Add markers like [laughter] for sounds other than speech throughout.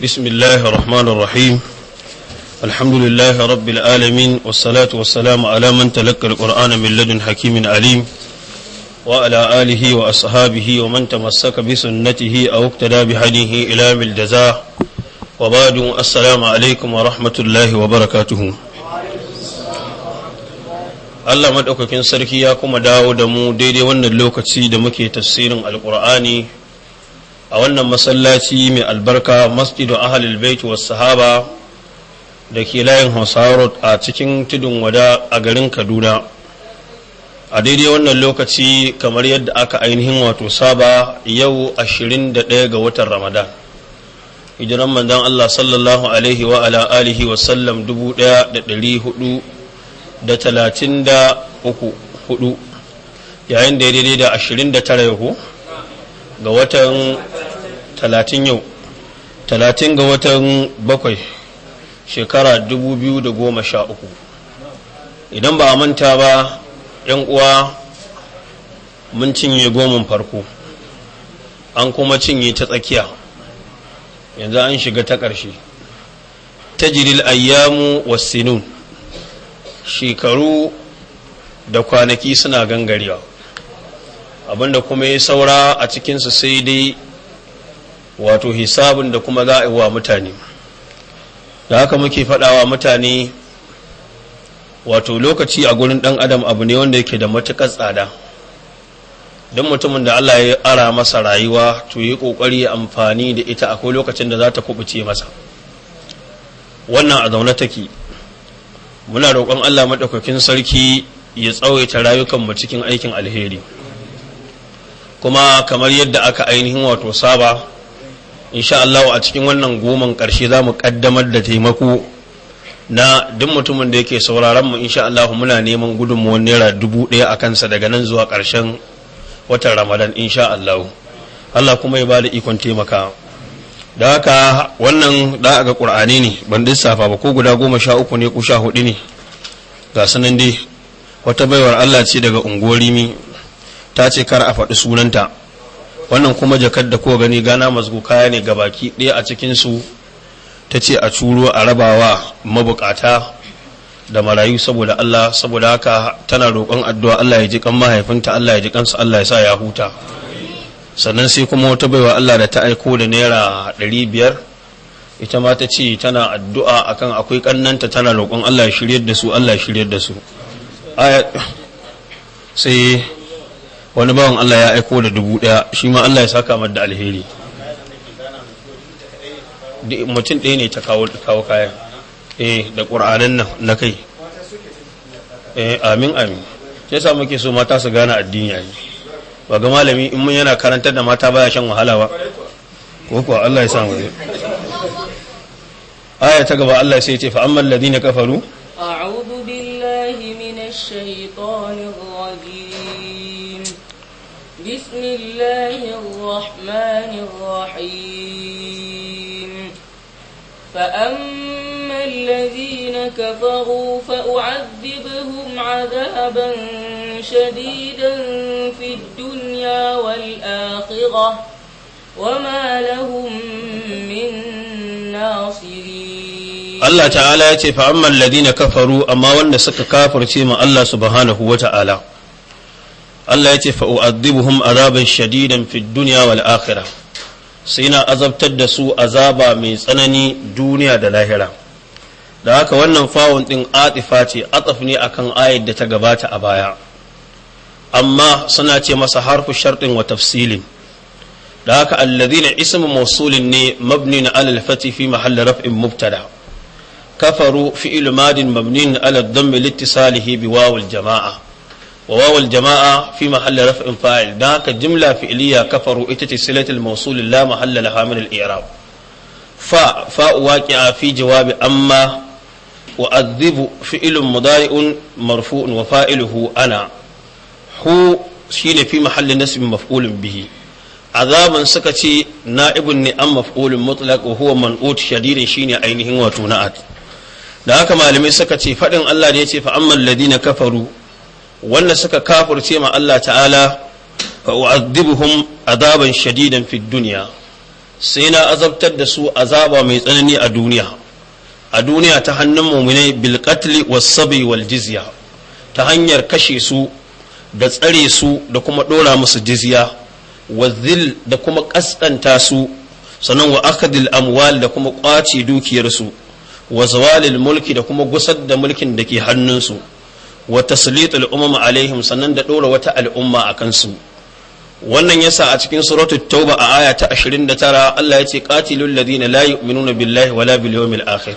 بسم الله الرحمن الرحيم الحمد لله رب العالمين والصلاة والسلام على من تلقى القرآن من لدن حكيم عليم وعلى آله وأصحابه ومن تمسك بسنته أو اقتدى بهديه إلى بالجزاء وبعد السلام عليكم ورحمة الله وبركاته Allah maɗaukakin sarki ya kuma dawo da mu daidai wannan lokaci da muke tafsirin alƙur'ani a wannan masallaci mai albarka masjidu ahalil bait was sahaba da ke layin hosarot a cikin tudun wada a garin kaduna a daidai wannan lokaci kamar yadda aka ainihin wato saba yau 21 ga watan ramadan hijiran manzon Allah sallallahu alaihi wa ala alihi wa sallam 1434 yayin da ya daidai da 29 yau ga watan talatin yau talatin ga watan bakwai shekara dubu biyu da goma sha uku idan ba a manta ba yan uwa mun cinye goman farko an kuma cinye ta tsakiya yanzu an shiga ta ƙarshe Ta jiril ayyamu wasinun shekaru da kwanaki suna gangarewa abinda kuma ya saura a cikinsu sai dai wato hisabin da kuma za a yi wa mutane da haka muke faɗawa mutane wato lokaci a gurin ɗan adam abu ne wanda yake da matuƙar tsada don mutumin da Allah ya ara masa rayuwa to yi ƙoƙari amfani da ita akwai lokacin da za ta kubuce masa wannan a zaune take muna roƙon Allah maɗaukakin sarki ya tsawaita rayukanmu cikin aikin alheri kuma kamar yadda aka ainihin wato saba insha Allah a cikin wannan goman ƙarshe za mu ƙaddamar da taimako na duk mutumin da yake sauraron mu insha Allah muna neman gudunmuwar naira dubu ɗaya a kansa daga nan zuwa ƙarshen watan ramadan insha Allah Allah kuma ya ba da ikon taimaka da haka wannan da ga ƙur'ani ne ban lissafa ba ko guda goma sha uku ne ko sha hudu ne ga sanan dai wata baiwar Allah ce daga unguwar rimi ta ce kar a faɗi sunanta wannan kuma jakar da ko gani gana masu kaya ne gabaki ɗaya a cikinsu ta ce a curo a rabawa mabukata da marayu saboda Allah saboda haka tana roƙon addu'a Allah ya ji kan mahaifinta Allah ya ji kansu Allah ya sa ya huta sannan sai kuma wata baiwa Allah da ta aiko da naira ɗari biyar ita ma ta ce tana addu'a akan akwai ƙannanta tana roƙon Allah ya shiryar da su Allah ya shiryar da su sai wani bawan Allah ya aiko da dubu ɗaya shi ma Allah ya saka mar da alheri mutum ɗaya ne ta kawo kawo kayan eh da ƙur'anan nan na kai eh amin amin sai sa muke so mata su gane addini yayi ba ga malami in mun yana karantar da mata baya shan wahala ba ko kuwa Allah ya sa mu aya ta gaba Allah sai ya ce fa amman ladina kafaru a'udhu billahi minash shaitanir بسم الله الرحمن الرحيم فأما الذين كفروا فأعذبهم عذابا شديدا في الدنيا والآخرة وما لهم من ناصرين الله تعالى يتفعما الذين كفروا أما وأن سك كافر تيما الله سبحانه وتعالى Allah ya ce fa'u'adhibuhum azaban shadidan fid dunya wal akhira. sai na azabtar da su azaba mai tsanani duniya da lahira da haka wannan fawon ɗin atifa ce ataf ne akan ayar da ta gabata a baya amma suna ce masa harfu shartin wa tafsilin da haka na ismu mawsulin ne mabni na alal fati fi mahalli raf'in mubtada kafaru fi'il madin mabni na alal dhammi litisalihi bi wawul jama'a wa wawal jama'a fi mahalli raf'in fayil dan haka jimla fi'liya kafaru ita ce silatul mawsul la mahalla laha min al-i'rab fa fa waqi'a fi jawabi amma wa adhibu fi'lun mudari'un marfu'un wa fa'iluhu ana hu shine fi mahalli nasbin maf'ulun bihi azaban suka ce na'ibun ne an maf'ulun mutlaq wa huwa man'ut shadidin shine ainihin wato na'at da haka malamai suka ce faɗin Allah da ya ce fa'amman ladina kafaru wanda suka kafirce ma Allah ta'ala fa u'adhibuhum azaban shadidan fid dunya sai na azabtar da su azaba mai tsanani a duniya a duniya ta hannun muminai bil qatl was sabi wal jizya ta hanyar kashe su da tsare su da kuma dora musu jizya wa zil da kuma kaskanta su sannan wa akadil amwal da kuma kwace dukiyar su wa zawalil mulki da kuma gusar da mulkin da ke hannunsu su wa taslitul umam alaihim sannan da dora wata al'umma akan su wannan yasa a cikin suratul tauba a aya ta 29 Allah ya ce qatilul ladina la yu'minuna billahi wala bil yawmil akhir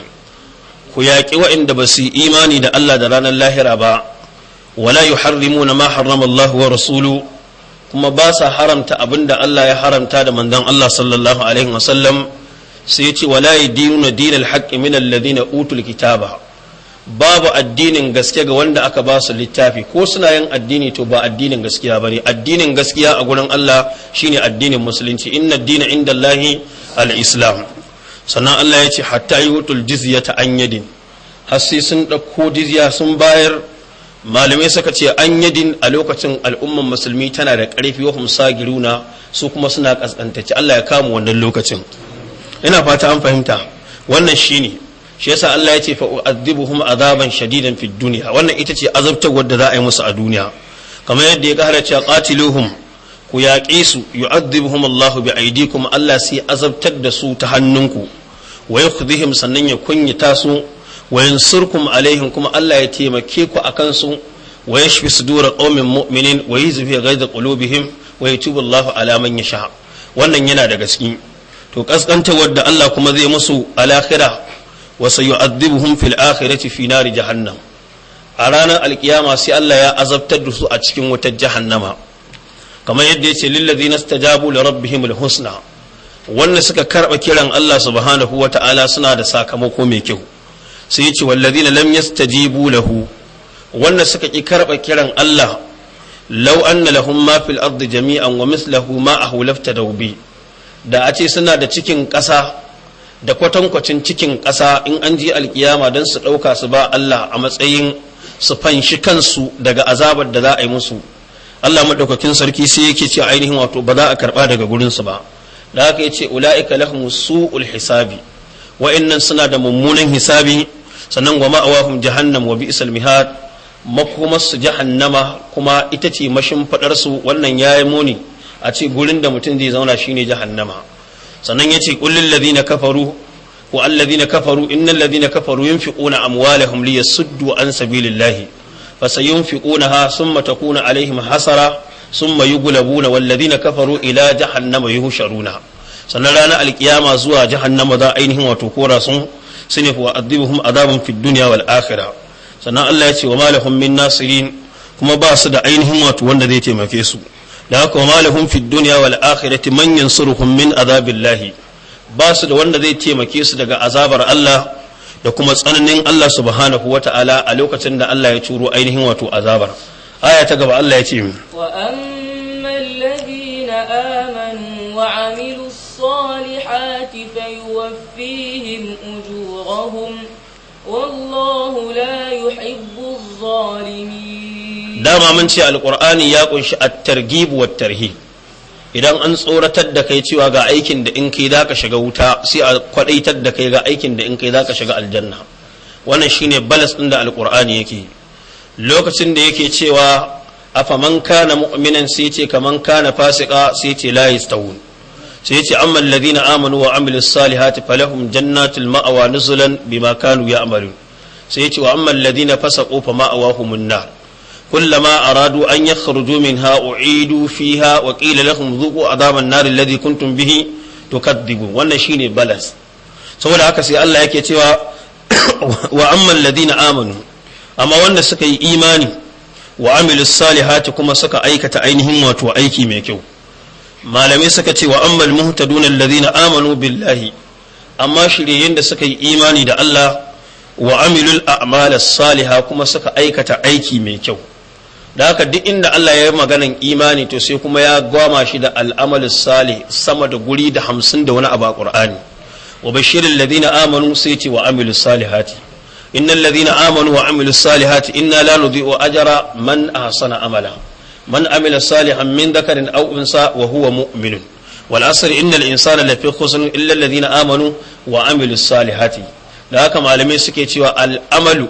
ku yaƙi waɗanda ba su imani da Allah da ranar lahira ba wala yuharrimuna ma harrama Allah wa rasulu kuma ba sa haramta abinda Allah ya haramta da manzon Allah sallallahu alaihi wasallam sai ya ce wala yadinuna dinal haqqi min alladhina utul kitaba babu addinin gaske ga wanda aka ba su littafi ko suna yin addini to ba addinin gaskiya ba ne addinin gaskiya a gurin Allah shine addinin musulunci inna addina inda Allah al-islam sannan Allah ya ce hatta yi ta an yadin har sai sun ɗauko jizya sun bayar malamai suka ce an yadin a lokacin al'umman musulmi tana da ƙarfi wa humsa giruna su kuma suna ƙasƙantace Allah ya kama wannan lokacin ina fata an fahimta wannan shine shi yasa Allah ya ce fa u'adhibuhum azaban shadidan fid dunya wannan ita ce azabtar da za a yi musu a duniya kamar yadda ya kara cewa qatiluhum ku yaƙe su yu'adhibuhum Allah bi aydikum Allah sai azabtar da su ta hannunku wa yakhdhihim sannan ya kunyata su wa yansurkum alaihim kuma Allah ya taimake ku akan su wa yashfi sudura qaumin mu'minin wa yuzhibu ghaiza qulubihim wa yatubu Allah ala man yasha wannan yana da gaske to kaskantar da Allah kuma zai musu alakhira wa sayu'adhibuhum fil akhirati fi nari jahannam a ranar alkiyama sai Allah ya azabtar da su a cikin wutar jahannama kamar yadda yace lillazina istajabu li rabbihim husna wanda suka karba kiran Allah subhanahu wata'ala suna da sakamako mai kyau sai yace wallazina lam yastajibu lahu wanda suka ki karba kiran Allah law anna lahum ma fil ardi jami'an wa a ma'ahu da bi da a ce suna da cikin ƙasa da kwatankwacin cikin ƙasa in an ji alkiyama don su ɗauka su ba Allah a matsayin su fanshi kansu daga azabar da za a yi musu Allah maɗaukakin sarki sai yake ce ainihin wato ba za a karɓa daga gurinsu ba da haka yace ula'ika lahum su'ul hisabi wa'annan suna da mummunan hisabi sannan wa ma'awahum jahannam wa bi'sal mihad su jahannama kuma ita ce mashin faɗarsu wannan yayi muni a ce gurin da mutum zai zauna shine jahannama sannan ya ce kullin ladina kafaru wa alladhina kafaru innal ladina kafaru yunfiquna suddu wa an sabilillahi sun thumma takuna alaihim hasara sun gulabuna yughlabuna walladhina kafaru ila jahannama yuhsharuna sannan ranar alkiyama zuwa jahannama za ainihin wato kora sun sune wa adibuhum azabin fid dunya wal akhirah sannan Allah ya ce wa malahum min nasirin kuma ba su da ainihin wato wanda zai taimake su da haka ma lahum fid dunya wal akhirati man yansuruhum min azabillahi ba su da wanda zai taimake su daga azabar Allah da kuma tsananin Allah subhanahu wata'ala a lokacin da Allah ya turo ainihin wato azabar aya ta gaba Allah ya ce min wa ammal ladina amanu wa amilu salihati fayuwaffihim ujurahum wallahu la yuhibbu adh-dhalimin dama mun ce alqur'ani ya kunshi at-targhib wa idan an tsoratar da kai cewa ga aikin da in kai zaka shiga wuta sai a kwadaitar da kai ga aikin da in kai zaka shiga aljanna wannan shine balas din da alkurani yake lokacin da yake cewa afaman kana mu'minan sai ce kaman kana fasika sai ce la yastawun sai ce amma alladhina amanu wa amilus salihati falahum jannatul ma'awa nuzulan bima kanu ya'malun sai ce wa amma alladhina fasaqu fa ma'awahum nar كلما أرادوا أن يخرجوا منها أعيدوا فيها وقيل لهم ذوقوا عذاب النار الذي كنتم به تكذبون wannan shine balas saboda haka sai Allah yake cewa wa amma alladhina amanu amma wanda suka yi imani wa amilu salihati kuma suka aikata ainihin wato aiki mai kyau malamai suka ce wa ammal muhtaduna alladhina amanu billahi amma shiryayen da suka yi imani da Allah wa amilul a'malas saliha kuma suka aikata aiki mai kyau da haka duk inda Allah ya yi maganan imani to sai kuma ya gwama shi da al'amal salih sama da guri da hamsin da wani abu a Qur'ani wa bashirin ladina amanu sai ce wa amilu salihati innal ladina amanu wa amilu salihati inna la nudhi'u ajra man ahsana amala man amila salihan min dhakarin aw unsa wa huwa mu'minun wal asr innal insana lafi khusr illa ladina amanu wa amilu salihati da haka malamai suke cewa al'amalu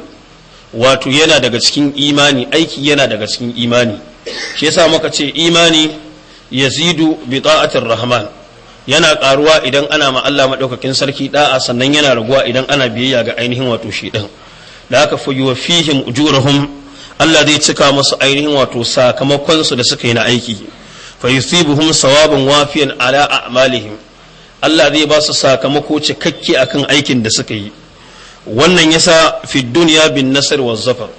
wato yana daga cikin imani aiki yana daga cikin imani shi yasa muka ce imani yazidu bi ta'atir rahman yana karuwa idan ana ma Allah madaukakin sarki da'a sannan yana raguwa idan ana biyayya ga ainihin wato shi din da aka fi fihim ujurahum Allah zai cika musu ainihin wato sakamakon su da suka yi na aiki fa yusibuhum sawabun wafiyan ala a'malihim Allah zai ba su sakamako cikakke akan aikin da suka yi wannan yasa fi duniya bin nasr wa zafar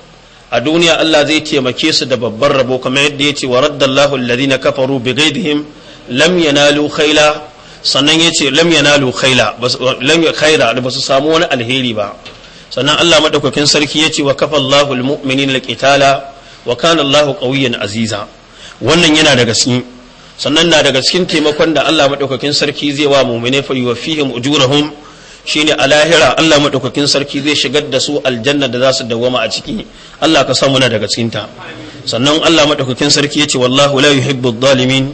a duniya Allah zai taimake su da babban rabo kamar yadda ya ce wa raddallahu alladhina kafaru bi ghaidihim lam yanalu khaila sannan ya ce lam yanalu khaila lam khaira da basu samu wani alheri ba sannan Allah madaukakin sarki ya ce wa Allahu almu'minina alqitala wa kana Allahu qawiyyan aziza wannan yana daga cikin sannan na daga cikin taimakon da Allah madaukakin sarki zai wa mu'mine fa yuwaffihim ujurahum shine a lahira Allah madaukakin sarki zai shigar da su aljanna da za su dawwama a ciki Allah ka samu na daga cikin ta sannan Allah maɗaukakin sarki yace wallahu la yuhibbu dhalimin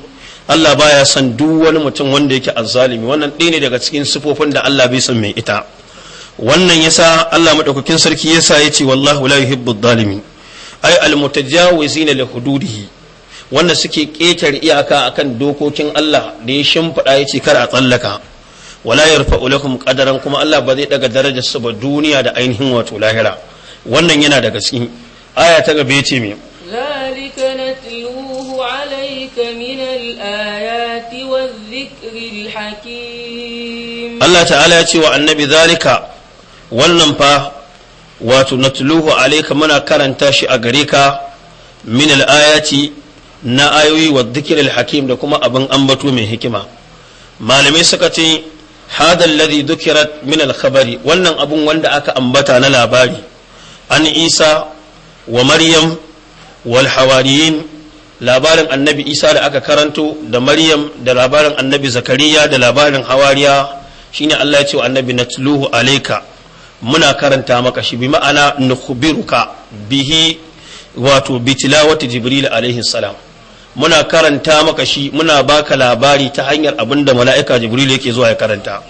Allah baya son duk wani mutum wanda yake azzalimi wannan ɗaya ne daga cikin sifofin da Allah bai son mai ita wannan yasa Allah maɗaukakin sarki yasa yace wallahu la yuhibbu dhalimin ay almutajawizina li hududihi wanda suke ƙetare iyaka akan dokokin Allah da ya shimfiɗa ce kar a tsallaka wala yarfa'u lakum qadaran kuma Allah ba zai daga darajar su ba duniya da ainihin wato lahira wannan yana daga cikin aya ta gaba yace me zalika natluhu alayka min wadh-dhikri Allah ta'ala ya ce wa annabi zalika wannan fa wato natluhu alayka muna karanta shi a gare ka min ayati na ayoyi wa dhikri hakim da kuma abin ambato mai hikima malamai suka ce هذا الذي ذكرت من الخبر wannan abun wanda aka ambata na labari an Isa wa Maryam wal hawariyin labarin annabi Isa da aka karanto da Maryam da labarin annabi Zakariya da labarin hawariya shine Allah ya ce wa annabi natluhu alayka muna karanta maka shi bi ma'ana nukhbiruka bihi wato bi tilawati Jibril alaihi salam muna karanta maka shi muna baka labari ta hanyar abin da mala'ika jibril yake zuwa ya karanta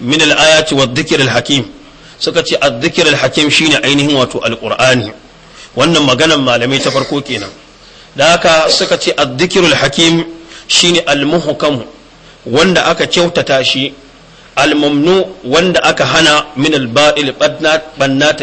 min al wa dhikr al-hakim suka ce adh al-hakim shine ainihin wato al-qur'ani wannan maganar malamai ta farko kenan da haka suka ce adh al-hakim shine al-muhkam wanda aka kyautata shi al-mamnu wanda aka hana min al-ba'il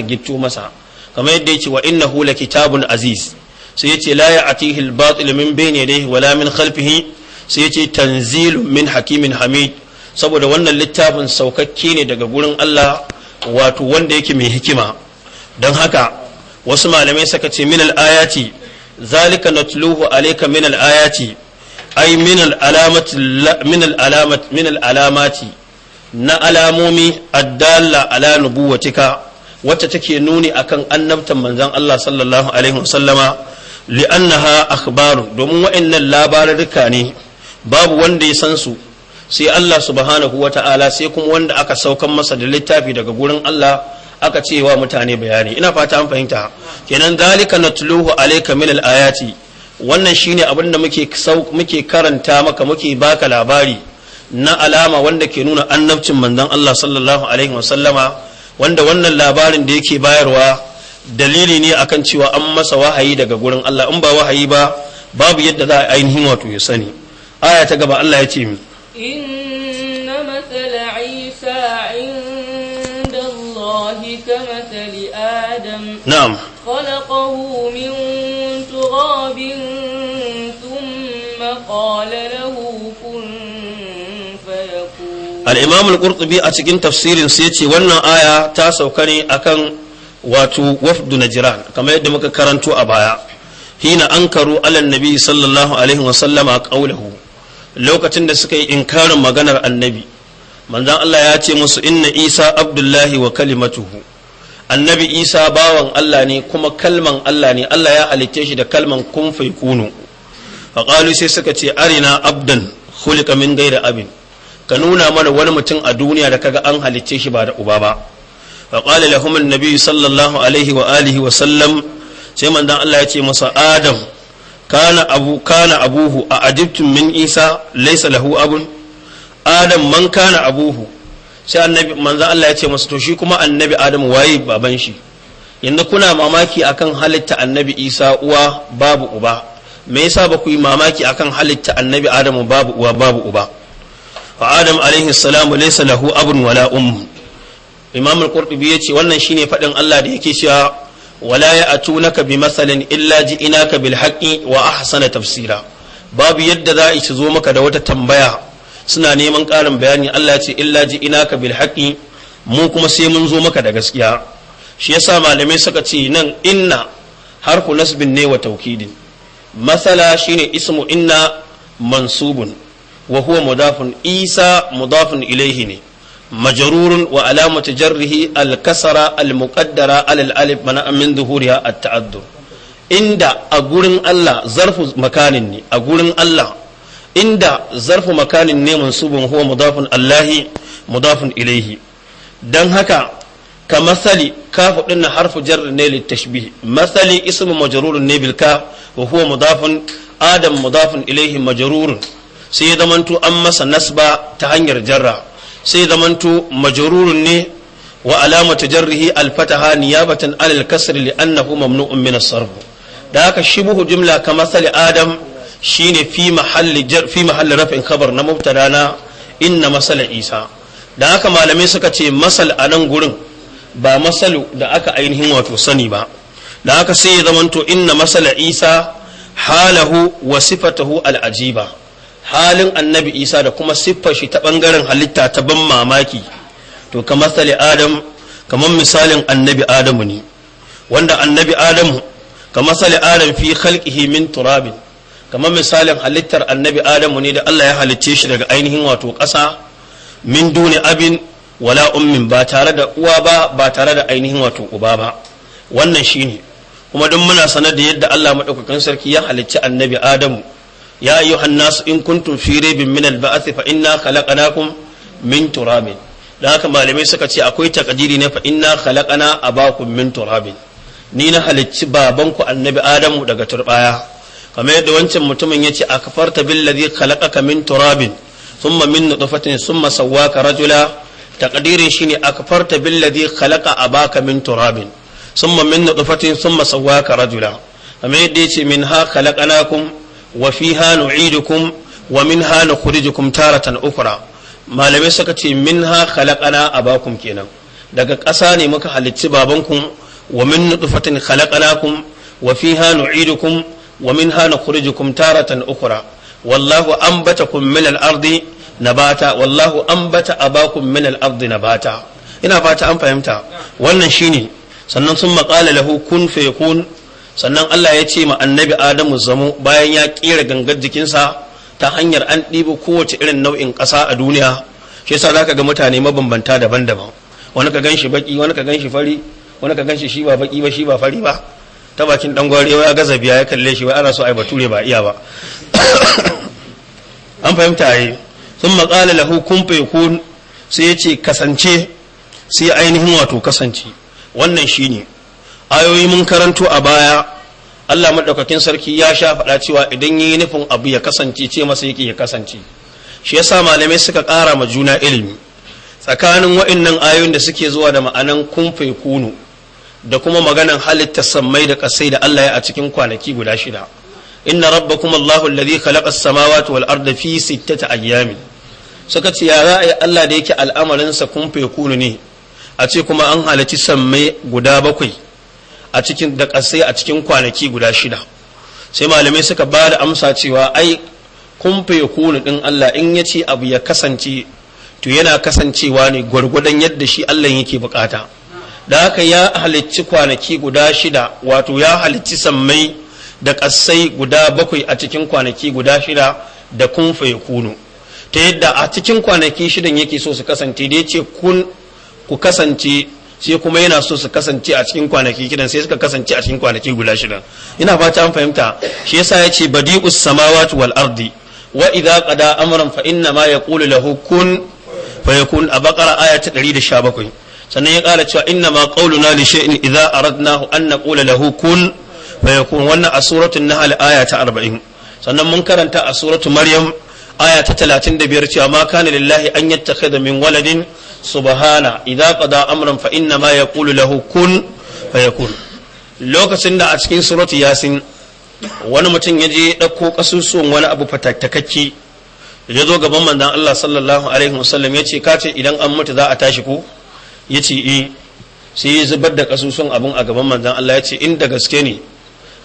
gittu masa kamar yadda yake wa innahu lakitabun aziz sai yace la ya'tihi al-batil min bayni yadayhi wala min khalfihi sai yace tanzilun min hakimin hamid saboda wannan littafin saukakke ne daga gurin Allah wato wanda yake mai hikima don haka wasu malamai suka ce min al-ayati zalika natluhu alayka min al-ayati ay min al-alamati min al-alamati min al-alamati na alamomi addalla ala nubuwatika wacce take nuni akan annabtan manzon Allah sallallahu alaihi wasallama li'annaha akhbaru domin wa'annan labarurruka ne babu wanda ya san su sai Allah subhanahu wata'ala sai kuma wanda aka saukan masa da littafi daga gurin Allah aka ce wa mutane bayani ina fata an fahimta kenan zalika natluhu alayka min al-ayati wannan shine abin da muke muke karanta maka muke baka labari na alama wanda ke nuna annabcin manzon Allah sallallahu alaihi sallama wanda wannan labarin da yake bayarwa dalili ne akan cewa an masa wahayi daga gurin Allah in ba wahayi ba babu yadda za a ainihin wato ya sani aya ta gaba Allah ya ce mi inna matsala isa inda Allah ka matsali adam na'am khalaqahu min turabin thumma qala lahu kun fayakun al-imam al-qurtubi a cikin tafsirin sai ce wannan aya ta sauka ne akan wato wafdu jiran kamar yadda muka karanto a baya hina ankaru alal nabi sallallahu alaihi wa sallama qawluhu lokacin da suka yi inkarin maganar annabi manzon Allah ya ce musu inna isa abdullahi wa kalimatuhu annabi isa bawan Allah ne kuma kalman Allah ne Allah ya halicce shi da kalman kun fa qalu sai suka ce arina abdan khuliqa min ghairi abin ka nuna mana wani mutum a duniya da kaga an halicce shi ba da uba ba fa qala lahum annabi sallallahu alaihi wa alihi wa sallam sai manzon Allah ya ce adam kana abu kana a ajibtum min isa laysa lahu abun adam man kana abuhu sai annabi manzon Allah ya ce masa to shi kuma annabi adam waye baban shi yanzu kuna mamaki akan halitta annabi isa uwa babu uba me yasa ba ku yi mamaki akan halitta annabi adamu babu uwa babu uba fa adam alaihi salamu laysa lahu abun wala um imam al-qurtubi yace wannan shine fadin Allah da yake cewa wala ya'tunaka bi masalin illa ji'inaka bil haqqi wa ahsana tafsira babu yadda za a zo maka da wata tambaya suna neman ƙarin bayani Allah ya ce illa ji'inaka bil haqqi mu kuma sai mun zo maka da gaskiya shi yasa malamai suka ce nan inna harfu nasbin ne wa taukidin masala shine ismu inna mansubun wa huwa mudafun isa mudafun ilaihi ne مجرور وعلامة جره الكسرة المقدرة على الألف من من ظهورها التعذر عند أقول الله ظرف مكان أقول الله عند ظرف مكان منصوب هو مضاف الله مضاف إليه دن هكا كمثل كاف إن حرف جر نيل التشبيه مثل اسم مجرور نيبل كاف وهو مضاف آدم مضاف إليه مجرور سيدمنتو أمس نسبة تهنجر جره sai zamanto majrurun ne wa alamatu jarrihi alfataha niyabatan alal kasri li'annahu mamnu'un min as-sarf da haka shibuhu jumla ka masali adam shine fi mahalli jar fi mahalli rafin khabar na mubtada na inna isa da haka malamai suka ce masal a nan gurin ba masalu da aka ainihin wato sani ba da haka sai ya zamanto inna masala isa halahu wa sifatahu al-ajiba halin annabi isa da kuma siffar shi ta bangaren halitta ta ban mamaki to kamar adam kamar misalin annabi adamu ne wanda annabi adamu kamar sali adam fi khalqihi min turabin kamar misalin halittar annabi adamu ne da Allah ya halicce shi daga ainihin wato ƙasa min duni abin wala ummin ba tare da uwa ba ba tare da ainihin wato uba ba wannan shi ne kuma don muna sanar da yadda Allah maɗaukakin sarki ya halicci annabi adamu ya ayyuhan nasu in kuntum fi raibin min al-ba'th fa inna khalaqnakum min turabin dan haka malamai suka ce akwai takadiri na fa inna khalaqana abakum min turabin ni na halicci babanku annabi adamu daga turbaya kamar yadda wancan mutumin ya ce a kafarta billazi khalaqaka min turabin thumma min nutfatin thumma sawwaka rajula taqdirin shine a kafarta billazi khalaqa abaka min turabin thumma min nutfatin thumma sawwaka rajula kamar yadda ya ce min ha khalaqanakum wa fiha nu'idukum wa minha nukhrijukum taratan ukra malamai suka ce minha khalaqana abakum kenan daga ƙasa ne muka halicci babankum wa min nutfatin khalaqnakum wa fiha nu'idukum wa minha nukhrijukum taratan ukra wallahu anbatakum min al-ardi nabata wallahu anbata abakum min al-ardi nabata ina fata an fahimta wannan shine sannan sun maƙala lahu kun fayakun sannan Allah ya ce ma annabi Adamu zamo bayan ya kera gangar jikinsa ta hanyar an ɗiba kowace irin nau'in ƙasa a duniya shi yasa zaka ga mutane mabambanta daban-daban wani ka ganshi baki wani ka ganshi fari wani ka ganshi shi ba baki ba shi ba fari ba ta bakin dan gwari ya gaza biya ya kalle shi wai ana so ai bature ba iya ba [coughs] an fahimta yi sun maƙala lahu kun ko sai ya ce kasance sai ainihin wato kasance wannan shine ne ayoyi mun karanto a baya Allah madaukakin sarki ya sha faɗa cewa idan yi nufin abu ya kasance ce masa yake ya kasance shi yasa malamai suka kara ma juna ilimi tsakanin wa'annan ayoyin da suke zuwa da ma'anan kumfe kunu da kuma maganan halitta sammai da kasai da Allah ya a cikin kwanaki guda shida inna rabbakum Allahu alladhi khalaqa as-samawati wal arda fi sittati ayyamin suka ce ya za a Allah da yake al'amarin sa kun kunu ne a ce kuma an halici sammai guda bakwai a cikin da kasai a cikin kwanaki guda shida sai malamai suka ba da amsa cewa ai kun fi yakunu din Allah in ya ce abu ya kasance to yana kasancewa ne gwargwadon yadda shi Allah yake bukata da haka ya halicci kwanaki guda shida wato ya halicci sammai da kasai guda bakwai a cikin kwanaki guda shida da kun fi yakunu ta yadda a cikin kwanaki shidan yake so su kasance da ya ce kun ku kasance sai kuma yana so su kasance a cikin kwanaki gidan sai suka kasance a cikin kwanaki guda shida ina fata an fahimta shi yasa yace badi'us samawati wal ardi wa idza qada amran fa inna ma yaqulu lahu kun fayakun a bakara aya 117 sannan ya kara cewa inna ma qauluna li shay'in idza aradnahu an naqula lahu kun fayakun wannan a suratul nahl aya ta 40 sannan mun karanta a suratul maryam aya ta 35 cewa ma kana lillahi an yattakhidha min waladin subhana idza qada amran fa inna ma yaqulu lahu kun fayakun lokacin da a cikin suratu yasin wani mutum ya je ɗauko kasusuwan wani abu fatattakakki ya zo gaban manzon Allah sallallahu alaihi wasallam ya ce kace idan an mutu za a tashi ko ya ce eh sai ya zubar da kasusun abun a gaban manzon Allah ya ce inda gaske ne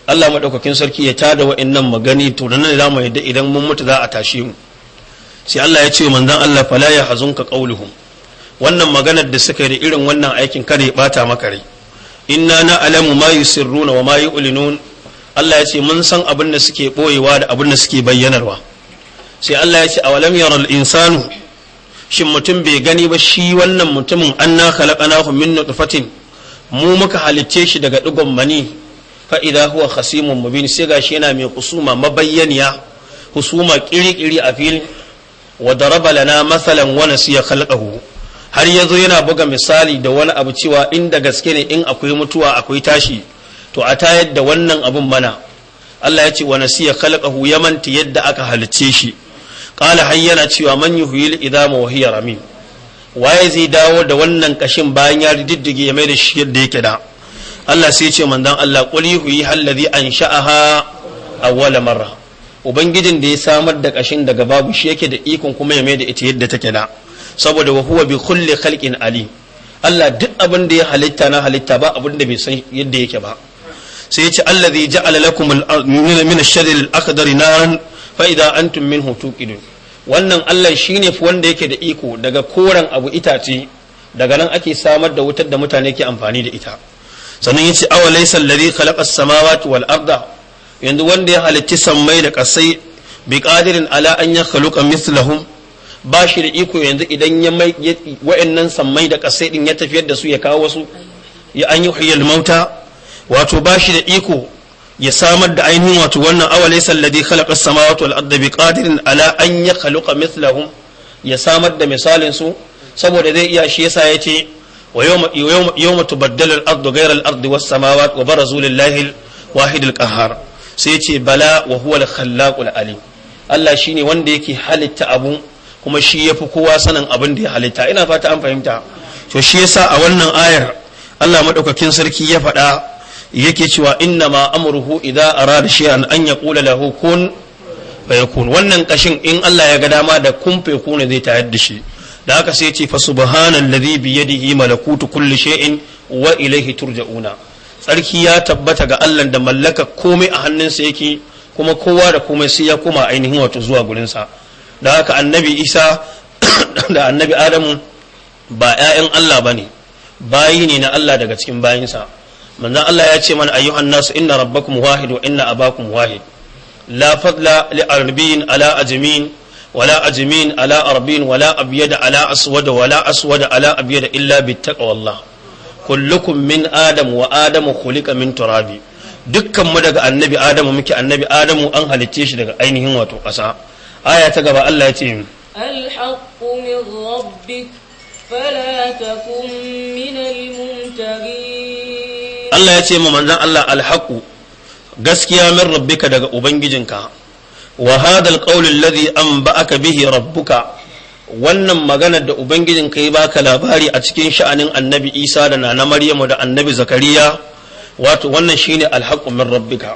Allah maɗaukakin sarki ya tada wa'annan magani to nan zamu yadda idan mun mutu za a tashi mu sai Allah ya ce manzon Allah fala ya hazunka qauluhum wannan maganar da suka yi irin wannan aikin kada ya bata maka rai inna na alamu ma yusirruna wa ma yu'linun Allah ya ce mun san abin da suke boyewa da abin da suke bayyanarwa sai Allah ya ce awalam yaral insanu shin mutum bai gani ba shi wannan mutumin anna khalaqnahu min nutfatin mu muka halicce shi daga digon mani fa idza huwa khasimun mubin sai gashi yana mai kusuma mabayyaniya husuma kiri-kiri a fili wa daraba lana masalan wa nasiya khalqahu har yanzu yana buga misali da wani abu cewa inda gaske ne in akwai mutuwa akwai tashi to a tayar da wannan abun mana Allah ya ce wa nasiya khalaqahu ya manta yadda aka halicce shi qala har yana cewa man yuhil idama wa hiya ramin waye zai dawo da wannan kashin bayan ya diddige mai da shi yadda yake da Allah sai ya ce manzon Allah qul yuhyi alladhi ansha'aha awwala marra ubangijin da ya samar da kashin daga babu shi yake da ikon kuma ya mai da ita yadda take da saboda wa huwa bi kulli khalqin alim Allah duk abin da ya halitta na halitta ba abin da bai san yadda yake ba sai yace allazi ja'ala lakum min ash-shadr al-akhdar naran fa idza antum minhu tuqidun wannan Allah shine wanda yake da iko daga koren abu itace daga nan ake samar da wutar da mutane ke amfani da ita sannan yace aw laysa allazi khalaqa as-samawati wal arda yanzu wanda ya halitti sammai da kasai bi qadirin ala an yakhluqa mithlahum ba shi da iko yanzu idan ya mai wa'annan sammai da kasai din ya tafiyar da su ya kawo wasu ya an yi mauta wato ba shi da iko ya samar da ainihin wato wannan awalai salladi khalaqa samawati wal ardi biqadirin ala an ya khalaqa mithlahum ya samar da misalin su saboda zai iya shi yasa yace wa yawma yawma yawma tubaddalu al ardu ghayra al ardi was samawati wa barazu lillahi al wahid al qahhar sai yace bala wa huwa al khallaqul alim Allah shine wanda yake halitta abu kuma shi ya fi kowa sanin abin da ya halitta ina fata an fahimta to shi yasa a wannan ayar Allah maɗaukakin sarki ya faɗa yake cewa inna ma amruhu idza arada shay'an an yaqula lahu kun fayakun wannan kashin in Allah ya ga dama da kun fayakun zai tayar da shi da haka sai ce fa subhanallazi bi yadihi malakutu kulli shay'in wa ilayhi turja'una sarki ya tabbata ga Allah da mallaka komai a hannunsa yake kuma kowa da komai sai ya koma ainihin wato zuwa gurinsa da haka annabi isa [coughs] da annabi adamu ba 'ya'yan allah ba ne bayi ne na allah daga cikin bayinsa manzan allah ya ce mana ayyuhan nasu inna rabbakum wahid wa inna abakum wahid la fadla li arbin ala ajmin wala ajmin ala arbin wala abyad ala aswad wala aswad ala abyad illa bittaqwallah kullukum min adam wa adamu khuliqa min turabi dukkan mu daga annabi adamu muke annabi adamu an halicce shi daga ainihin wato ƙasa aya ta gaba Allah ya ce الحق من ربك min تكن allah ya ce allah gaskiya min rabbika daga ubangijinka wa hadal qawl alladhi anba'aka bihi rabbuka wannan magana da ubangijinka ya baka labari a cikin sha'anin annabi Isa da nana Maryamu da annabi Zakariya wato wannan shine alhaqqu min rabbika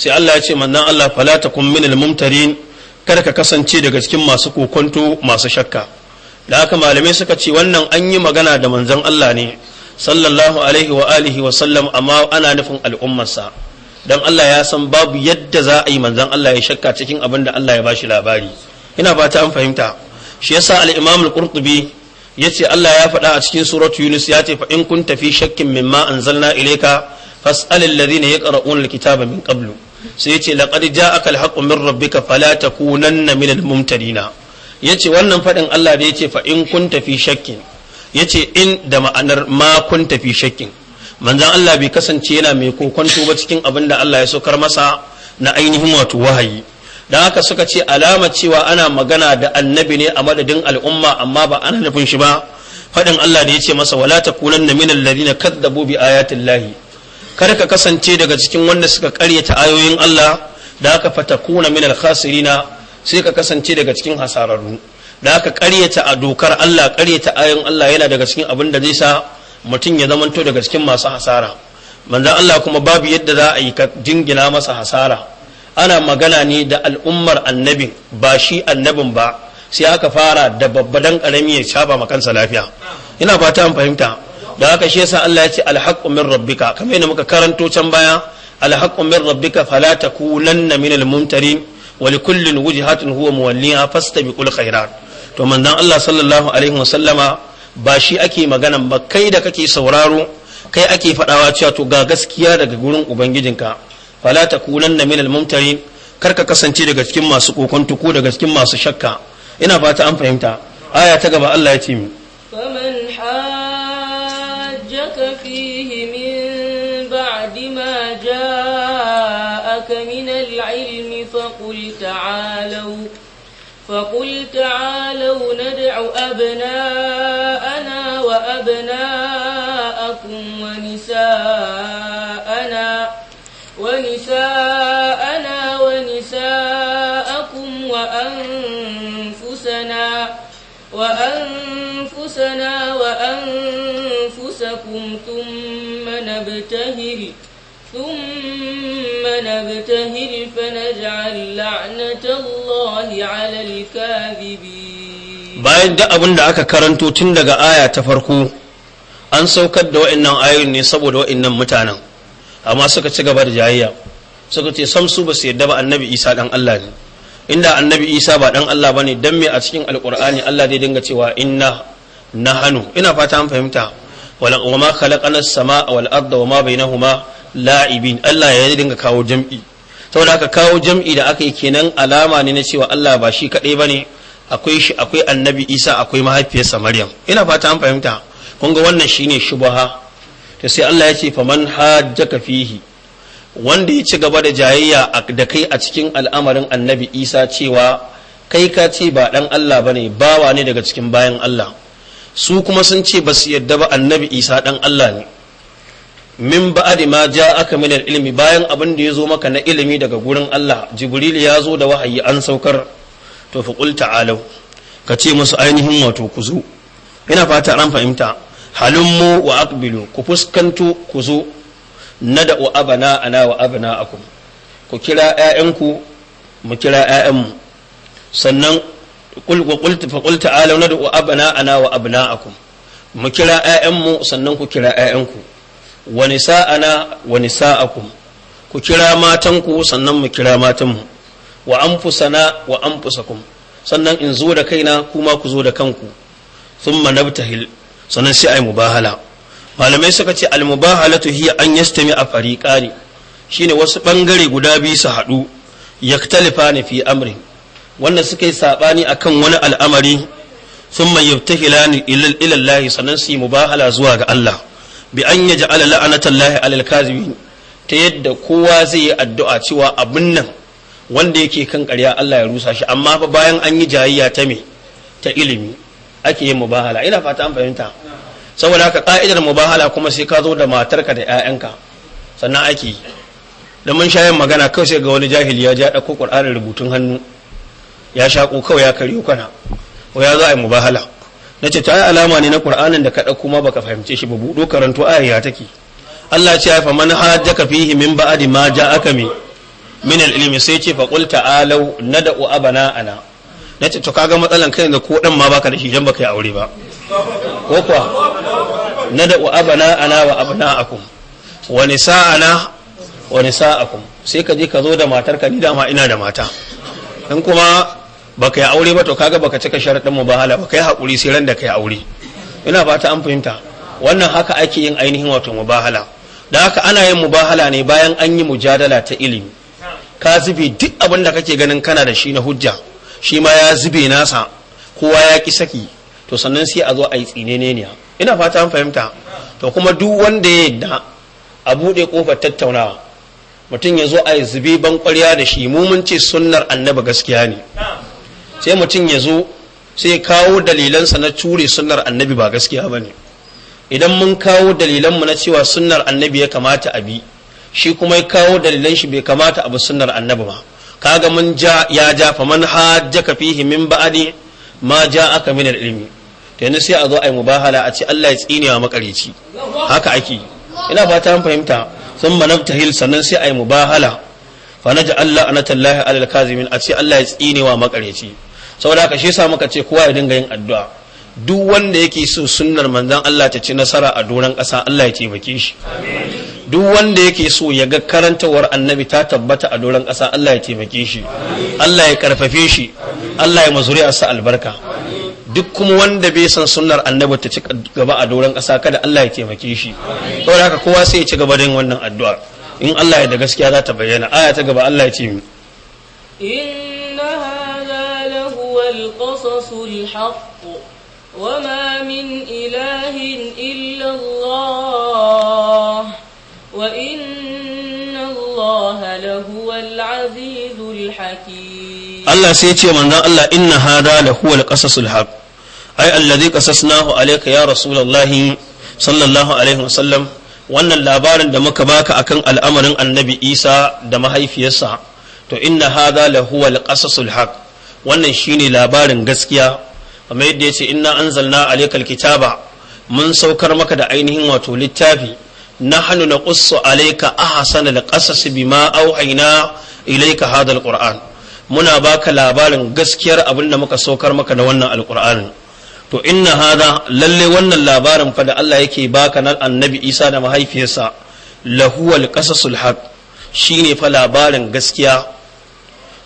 sai Allah ya ce manzan Allah fala takun minal mumtarin kada ka kasance daga cikin masu kokonto masu shakka da haka malamai suka ce wannan an yi magana da manzon Allah ne sallallahu alaihi wa alihi wa sallam amma ana nufin al'ummarsa dan Allah ya san babu yadda za a yi manzon Allah ya shakka cikin abin da Allah ya bashi labari ina fata an fahimta shi yasa al-Imam al-Qurtubi yace Allah ya faɗa a cikin suratu Yunus ya ce fa in kunta fi shakkin mimma anzalna ilayka fas'al alladhina yaqra'una al-kitaba min qablu sai yace laqad a al-haqqu min rabbika fala na minal mumtarina yace wannan fadin Allah da yace fa in kunta fi shakkin yace in da ma'anar ma kun tafi shakkin manzon Allah bai kasance yana mai kokonto ba cikin abin da Allah ya saukar masa na ainihin wato wahayi dan haka suka ce alama cewa ana magana da annabi ne a madadin al'umma amma ba ana nufin shi ba faɗin Allah da ya ce masa wala na minal ladina kadzabu bi ayatillahi kada ka kasance daga cikin wanda suka karyata ayoyin Allah da aka fatakuna min alkhasirina sai ka kasance daga cikin hasararru da aka karyata a dokar Allah karyata ayoyin Allah yana daga cikin abin da zai sa mutum ya zamanto daga cikin masu hasara manzon Allah kuma babu yadda za a yi ka jingina masa hasara ana magana ne da al'ummar annabi, ba shi annabin ba sai aka fara da babba dan karami ya saba ma kansa lafiya ina fata an fahimta da haka shi yasa Allah ya ce alhaqqu min rabbika kamar yadda muka karanto can baya alhaqqu min rabbika fala takulanna min almumtarin wa likullin wujhatun huwa muwalliha fastabiqul khairat to manzon Allah sallallahu alaihi wa sallama ba shi ake magana ba kai da kake sauraro kai ake fadawa cewa to ga gaskiya daga gurin ubangijinka fala takulanna min almumtarin karka kasance daga cikin masu kokonto ko daga cikin masu shakka ina fata an fahimta aya ta gaba Allah ya ce mu العلم فقل تعالوا فقل تعالوا ندع أبناءنا وأبناءكم ونساءنا ونساءنا ونساءكم وأنفسنا وأنفسنا وأنفسكم ثم نبتهل ثم ثم نبتهل فنجعل لعنة الله على الكاذبين bayan أبن abin da aka karanto tun daga aya ta farko an saukar da wa'annan ayoyin ne saboda wa'annan mutanen amma suka ci gaba da jayayya suka ce samsu ba su yadda ba annabi isa dan Allah ne inda annabi isa ba dan Allah ba ne dan me a cikin alqur'ani Allah zai dinga cewa inna hannu ina fata an fahimta wa ma khalaqana as-samaa wal arda wa ma la'ibin Allah ya dinga kawo jam'i saboda haka kawo jam'i da aka yi kenan alama ne na cewa Allah ba shi kadai bane akwai shi akwai annabi Isa akwai mahaifiyarsa Maryam ina fata an fahimta kun ga wannan shine shubaha to sai Allah ya ce faman hajjaka fihi wanda ya ci gaba da jayayya da kai a cikin al'amarin annabi isa cewa kai ka ce ba dan allah ba ne bawa ne daga cikin bayan allah su kuma sun ce ba su yadda ba annabi isa dan Allah ne min ba'adi ma ja aka min ilimi bayan abin da ya zo maka na ilimi daga gurin Allah jibril ya zo da wahayi an saukar to fa qul ta'alu ka ce musu ainihin wato ku zo ina fata an fahimta halummu wa aqbilu ku fuskanto ku zo na wa abana ana wa abana akum ku kira 'ya'yanku mu kira 'ya'yanmu sannan fa qul ta'alu nad'u abna'ana wa abna'akum mu kira ƴaƴanmu sannan ku kira ƴaƴanku wa nisa'ana wa nisa'akum ku kira matanku sannan mu kira matanmu wa anfusana wa anfusakum sannan in zo da kaina kuma ku zo da kanku thumma nabtahil sannan sai ai mubahala malamai suka ce al hiya an yastami a fariqani shine wasu ɓangare guda biyu su haɗu yaktalifa ne fi wanda suka yi saɓani a kan wani al'amari sun mai yabtahilani ilallahi sannan su yi mubahala zuwa ga Allah bi an yaji ala la'anatallahi alal kazibi ta yadda kowa zai yi addu'a cewa abin nan wanda yake kan ƙarya Allah ya rusa shi amma fa bayan an yi jayayya ta me ta ilimi ake yin mubahala ina fata an fahimta saboda haka ka'idar mubahala kuma sai ka zo da matarka da 'ya'yanka sannan ake yi da mun shayin magana kawai sai ga wani jahili ya ja ɗauko ƙur'anin rubutun hannu ya shaƙo kawai ya karyo kana ko ya zo a yi mubahala na ce ta alama ne na qur'anin da ka ɗauko ma baka fahimce shi ba buɗo karanto aya ya take Allah ce fa man hajjaka fihi min ba'di ma ja'aka mi min al-ilmi sai ce fa qul ta'alu nad'u abana ana nace to kaga matsalan kai da ko dan ma baka da shi dan baka yi aure ba ko kuwa nad'u abana ana wa abna'akum wa nisa'ana wa nisa'akum sai ka je ka zo da matar ka ni da ma ina da mata in kuma baka yi aure ba to kaga baka cika sharaɗin mubahala ba kai haƙuri sai ran da kai aure ina fata an fahimta wannan haka ake yin ainihin wato mubahala da haka ana yin mu mubahala ne bayan an yi mujadala ta ilimi ka zube duk abin da kake ganin kana da shi na hujja shi ma ya zube nasa kowa ya ki saki to sannan sai a zo a yi tsinene ina fata an fahimta to kuma duk wanda ya yadda a buɗe ƙofar tattaunawa mutum ya zo a yi zube ban kwarya da shi mu mun ce sunnar annabi gaskiya ne sai mutum ya zo sai kawo dalilansa na ture sunnar annabi ba gaskiya ba ne idan mun kawo dalilanmu na cewa sunnar annabi ya kamata a bi shi kuma ya kawo dalilan shi bai kamata a bi sunnar annabi ba kaga mun ja ya ja fa man ka fihi min ba'di ma aka min ilmi to yanzu sai a zo ai mubahala a ce Allah ya tsine wa makareci haka ake ina fata an fahimta sun manabtahil sannan sai ai mubahala fa naja Allah anatallahi alal kazimin a ce Allah ya tsine wa makareci saboda haka shi yasa muka ce kowa ya dinga yin addu'a duk wanda yake so sunnar manzon Allah ta ci nasara a doron ƙasa Allah ya taimake shi duk wanda yake so ya ga karantawar annabi ta tabbata a doron ƙasa Allah ya taimake shi Allah ya karfafe shi Allah ya sa albarka duk kuma wanda bai san sunnar annabi ta ci gaba a doron kasa kada Allah ya taimake shi saboda haka kowa sai ya ci gaba da yin wannan addu'a in Allah ya da gaskiya za ta bayyana aya ta gaba Allah ya ce الحق وما من إله إلا الله وإن الله لهو العزيز الحكيم الله سيتي من الله إن هذا لهو القصص الحق أي الذي قصصناه عليك يا رسول الله صلى الله عليه وسلم wannan labarin da muka baka akan al'amarin annabi isa da mahaifiyarsa to inna hadha lahuwa al-qasasul haq wannan shine labarin gaskiya kamar yadda yace inna anzalna alaykal kitaba mun saukar maka da ainihin wato littafi nahnu naqussu alayka ahsana alqasas bima auhayna ilayka hadha alquran muna baka labarin gaskiyar abin da muka saukar maka da wannan alqur'anin to inna hada lalle wannan labarin fa da Allah yake baka nan annabi Isa da mahaifiyarsa lahuwal qasasul haq shine fa labarin gaskiya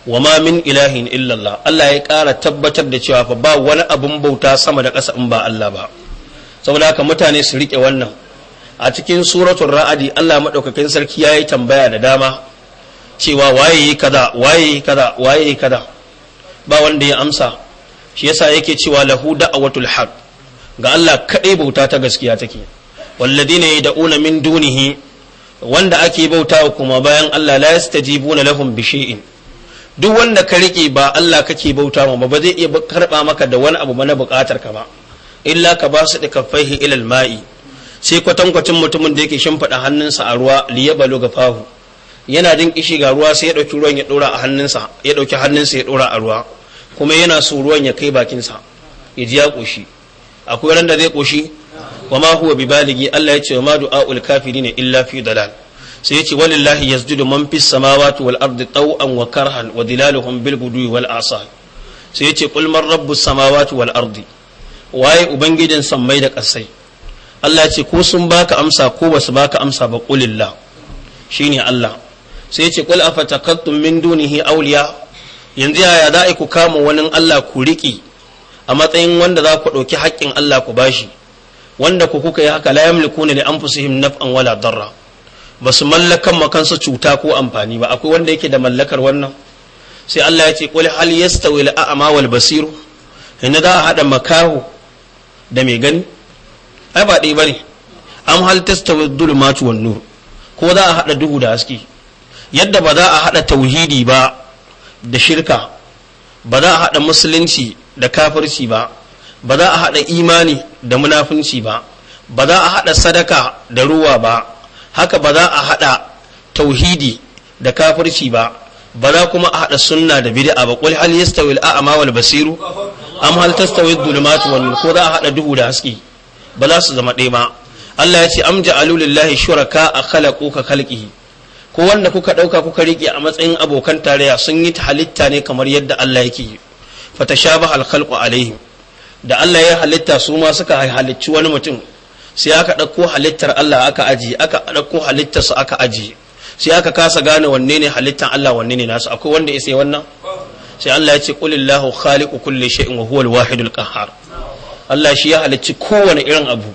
wa ma min ilahin illallah Allah ya ƙara tabbatar da cewa fa ba wani abun bauta sama da ƙasa in ba Allah ba saboda haka mutane su riƙe wannan a cikin suratul ra'adi Allah madaukakin sarki ya yi tambaya da dama cewa waye kaza waye kaza waye kaza ba wanda ya amsa shi yasa yake cewa lahu da'watul haq ga Allah kaɗai bauta ta gaskiya take walladina yad'una min dunihi wanda ake bautawa kuma bayan Allah la yastajibuna lahum bi shay'in duk wanda ka rike ba Allah kake bauta ma ba zai iya karba maka da wani abu na bukatar ka ba illa ka ba su dikaffaihi ilal ma'i sai kwatankwacin mutumin da yake shimfiɗa hannunsa a ruwa liyabalu ga fahu yana jin kishi ga ruwa sai ya ɗauki ruwan ya ɗora a hannunsa ya ɗauki hannunsa ya ɗora a ruwa kuma yana so ruwan ya kai bakinsa ya ji ya ƙoshi akwai ran da zai ƙoshi wa ma huwa bibaligi Allah ya ce wa ma ul kafirina illa fi dalal sai yace walillahi yasjudu man fis samawati wal ardi taw'an wa karhan wa dilaluhum bil budwi wal asa sai yace qul man rabbus samawati wal ardi waye ubangijin sammai da kasai Allah ce ko sun baka amsa ko basu baka amsa ba qulillah shine Allah sai yace qul afatakattum min dunihi awliya yanzu yaya za ku kama wani Allah ku riƙi a matsayin wanda za ku ɗauki haƙƙin Allah ku bashi wanda ku kuka yi haka la yamlikuna li anfusihim naf'an wala darra ba su mallakan makansa cuta ko amfani ba akwai wanda yake da mallakar wannan sai Allah ya ce qul hal yastawi al a'ma wal basir ina za hada makaho da mai gani ai ba dai bane am hal tastawi dhulumatu wan nur ko za a hada duhu da haske yadda ba za a hada tauhidi ba da shirka ba za a hada musulunci da kafirci ba ba za a hada imani da munafunci ba ba za a hada sadaka da ruwa ba haka ba za a haɗa tauhidi da kafirci ba ba za kuma a haɗa sunna da bid'a ba qul hal yastawi al-a'ma wal basiru am hal tastawi adh-dhulumatu wan nur ko za a haɗa duhu da haske ba za su zama ɗaya ba Allah ya ce am ja'alu lillahi shuraka a khalaqu ka khalqihi ko wanda kuka ɗauka kuka riƙe a matsayin abokan tarayya sun yi halitta ne kamar yadda Allah yake yi fatashabaha al-khalqu alaihim da Allah ya halitta su ma suka halicci wani mutum sai aka ɗauko halittar Allah aka aji aka ɗauko halittarsa aka aji sai aka kasa gane wanne ne halittar Allah wanne ne nasu akwai wanda isa sai wannan sai Allah ya ce kulillahu khaliqu kulli shay'in wa huwa al-wahidul qahhar Allah shi ya halicci kowane irin abu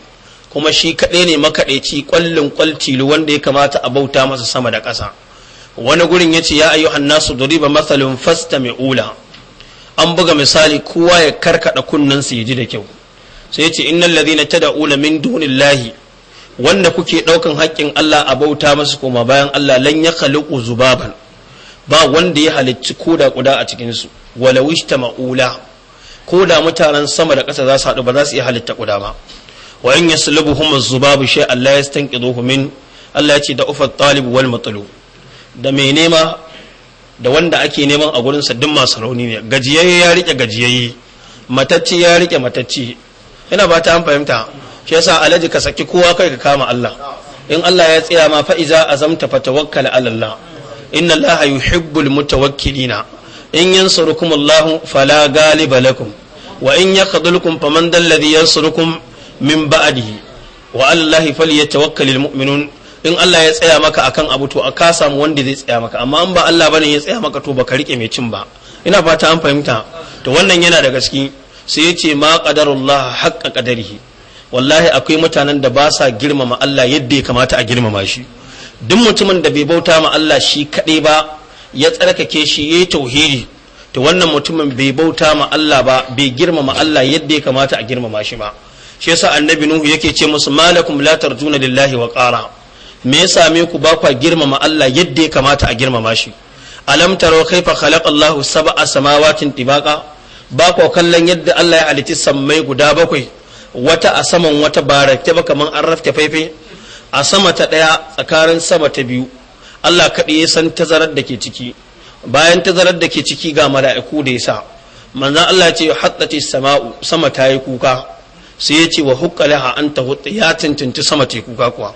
kuma shi kaɗai ne makaɗaici ƙwallin ƙwaltilu wanda ya kamata a bauta masa sama da ƙasa wani gurin ya ce ya ayyuhan nasu duriba mathalun fasta mai ula an buga misali kowa ya karkaɗa kunnen ya ji da kyau sai yace innal ta tad'una min dunillahi wanda kuke daukan haƙƙin Allah a bauta masu koma bayan Allah lan yakhluqu zubaban ba wanda ya halicci koda kuda a cikin su wala ma'ula da mutanen sama da ƙasa za su haɗu ba za su iya halitta kuda ba wa in yaslubuhum az-zubabu shay Allah yastanqidhuhu min Allah ya ce da ufat talib wal matlu da mai nema da wanda ake neman a gurin sa duk masu rauni ne gajiyayye ya rike gajiyayye matacce ya rike matacce ina ba ta an fahimta shi yasa alaji ka saki kowa kai ka kama Allah in Allah ya tsaya ma fa iza azamta fatawakkal ala Allah inna Allah yuhibbul mutawakkilina in yansurukum Allah fala galiba lakum wa in yakhdhulkum faman dal ladhi yansurukum min ba'dihi wa Allah falyatawakkalul mu'minun in Allah ya tsaya maka akan abu to ka samu wanda zai tsaya maka amma in ba Allah bane ya tsaya maka to baka rike mai cin ba ina fata an fahimta to wannan yana daga cikin sai ya ce ma qadarullah haƙƙa qadarihi wallahi akwai mutanen da ba sa girmama Allah yadda ya kamata a girmama shi duk mutumin da bai bauta ma Allah shi kadai ba ya tsarkake shi yi tauhidi to wannan mutumin bai bauta ma Allah ba bai girmama Allah yadda ya kamata a girmama shi ba shi yasa annabi nuhu yake ce musu malakum la tarjuna lillahi wa qara me ya same ku ba kwa girmama Allah yadda ya kamata a girmama shi alam taro kaifa khalaqa Allahu sab'a samawatin tibaqa ba kwa kallon yadda Allah ya halitti sammai guda bakwai wata a saman wata barakta ba kamar an rafta faife a sama ta ɗaya tsakanin sama ta biyu Allah kaɗai ya san tazarar da ke ciki bayan tazarar da ke ciki ga mala'iku da yasa sa manzan Allah ce haddati sama'u sama ta yi kuka sai ya ce wa hukalaha an ta ya cancanci sama ta yi kuka kuwa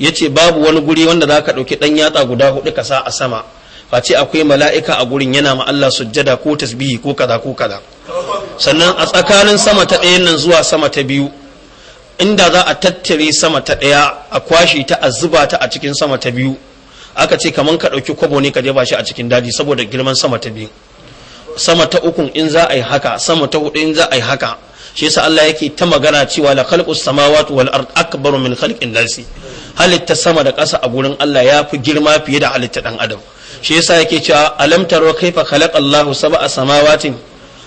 ya ce babu wani guri wanda za ka ɗauki ɗan yatsa guda hudu ka sa a sama face akwai mala'ika a gurin yana ma Allah sujjada ko tasbihi ko kaza ko kaza sannan a tsakanin sama ta ɗaya nan zuwa sama ta biyu inda za a tattare sama ta ɗaya a kwashe ta a zuba ta a cikin sama ta biyu aka ce kamar ka ɗauki kwabo ne ka ba shi a cikin daji saboda girman sama ta biyu sama ta ukun in za a yi haka sama ta hudu in za a yi haka shi yasa Allah yake ta magana cewa la khalqus samawati wal ard akbaru min khalqin nasi halitta sama da ƙasa a gurin Allah ya fi girma fiye da halitta dan adam shi yasa yake cewa alam taro kaifa khalaqa Allahu sab'a samawatin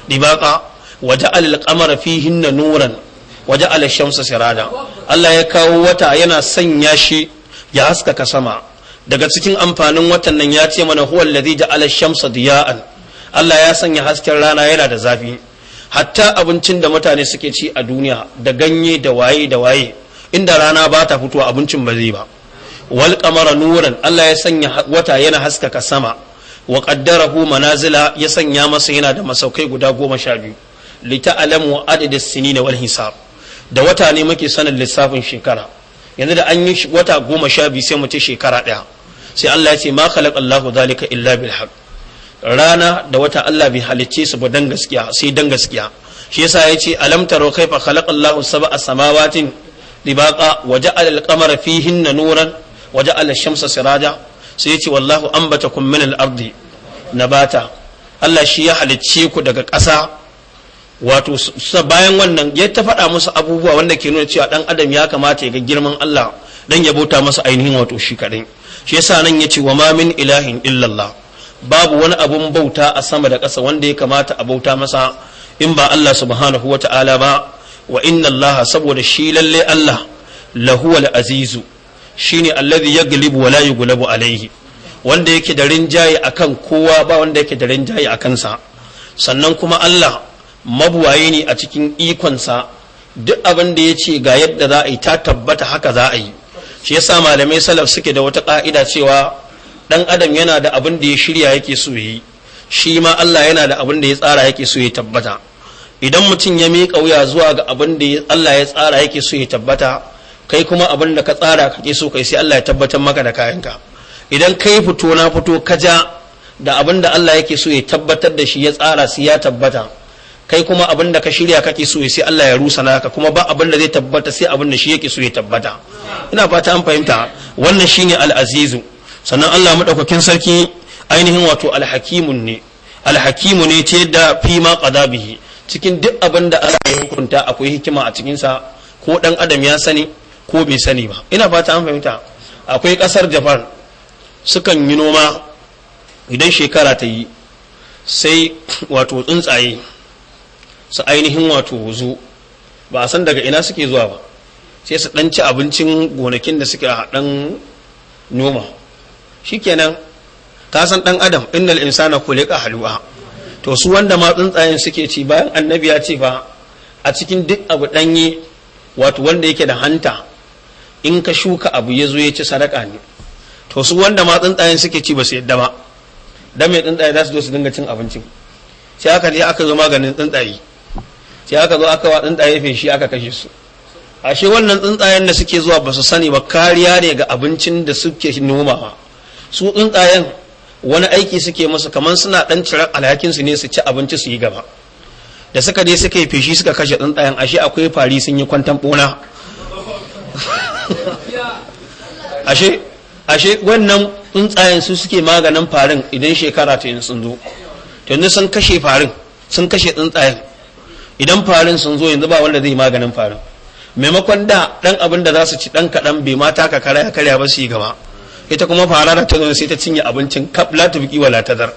dibaka waja'al al-qamara fihinna nuran waja'al ash-shamsa sirada Allah ya kawo wata yana sanya shi ya haskaka sama daga cikin amfanin watan nan ya ce mana huwa alladhi ja'ala ash-shamsa diya'an Allah ya sanya hasken rana yana da zafi hatta abincin da mutane suke ci a duniya da ganye da waye da waye inda rana ba ta fitowa abincin ba zai ba wal qamara nuran Allah ya sanya wata yana haskaka sama wa qaddarahu manazila ya sanya masa yana da masaukai guda goma sha biyu li ta'lamu adad as-sinin wal hisab da wata ne muke sanin lissafin shekara yanzu da an yi wata goma sha biyu sai mu shekara daya sai Allah ya ce ma khalaq Allahu zalika illa bil haqq rana da wata Allah bai halicce su ba dan gaskiya sai dan gaskiya shi yasa ya ce alam taro kaifa khalaqa Allahu sab'a samawatin dibaqa wa ja'ala al-qamara fihinna nuran wa ash-shamsa siraja sai ce wallahu an kun min al na bata Allah shi ya halicce ku daga ƙasa wato bayan wannan ya ta faɗa musu abubuwa wanda ke nuna cewa dan adam ya kamata ya ga girman Allah dan ya bauta masa ainihin wato shi kaɗai shi yasa nan ya yace wa ma min ilahin illallah babu wani abun bauta a sama da ƙasa wanda ya kamata a bauta masa in ba Allah subhanahu wa ta'ala ba wa inna Allah saboda shi lalle Allah lahuwal azizu shine allazi yaglibu wala yughlabu alaihi wanda yake da rinjaye akan kowa ba wanda yake da rinjaye akan sa sannan kuma Allah mabuwaye ne a cikin ikon sa duk abin da ya ga yadda za a yi ta tabbata haka za a yi shi yasa malamai salaf suke da wata ka'ida cewa dan adam yana da abin da ya shirya yake so yi shi ma Allah yana da abin da ya tsara yake so ya tabbata idan mutum ya miƙa wuya zuwa ga abin da Allah ya tsara yake so ya tabbata kai kuma abin da ka tsara ka kake so kai sai Allah ya tabbatar maka da kayanka idan kai fito na fito ka ja da abin da Allah yake so ya tabbatar da shi ya tsara sai ya tabbata kai kuma abin da ka shirya ka kake so sai Allah ya rusa naka kuma ba abin da zai tabbata sai abin da shi yake so ya tabbata ina fata an fahimta wannan shine al-azizu sannan Allah madaukakin sarki ainihin wato al-hakimun ne al-hakimu ne ta yadda fi ma qadabihi cikin duk abin da Allah ya hukunta akwai hikima a cikin sa ko dan adam ya sani ko bai sani ba ina fata an fahimta akwai kasar japan sukan yi noma idan shekara ta yi sai [clears throat] wato tsuntsaye su ainihin wato zo ba a san daga ina suke zuwa ba sai su ɗan ci abincin gonakin da suke dan noma shikenan ka san ɗan adam innal insana kulika halwa to su wanda ma tsuntsayen suke ci bayan annabi ya ce fa a cikin duk abu ɗanye wato wanda yake da hanta in ka shuka abu ya zo ya ci sadaka ne to su wanda ma tsuntsayen suke ci ba su yadda ba dan mai tsuntsaye za su zo su dinga cin abincin sai aka je aka zo maganin tsuntsaye sai aka zo aka wa tsuntsaye feshi aka kashe su ashe wannan tsuntsayen da suke zuwa ba su sani ba kariya ne ga abincin da suke nomawa su tsuntsayen wani aiki suke musu kamar suna dan cirar alhakinsu ne su ci abinci su yi gaba da suka je suka yi feshi suka kashe tsuntsayen ashe akwai fari sun yi kwantan bona ashe ashe wannan tsuntsayen su suke maganin farin idan shekara ta yin sun zo yanzu sun kashe farin sun kashe tsuntsayen idan farin sun zo yanzu ba wanda zai maganin farin maimakon da dan abin da za su ci dan kaɗan bai ma taka ya karya ba su yi gaba ita kuma fara ta zo sai ta cinye abincin kaf la tubqi wala tadar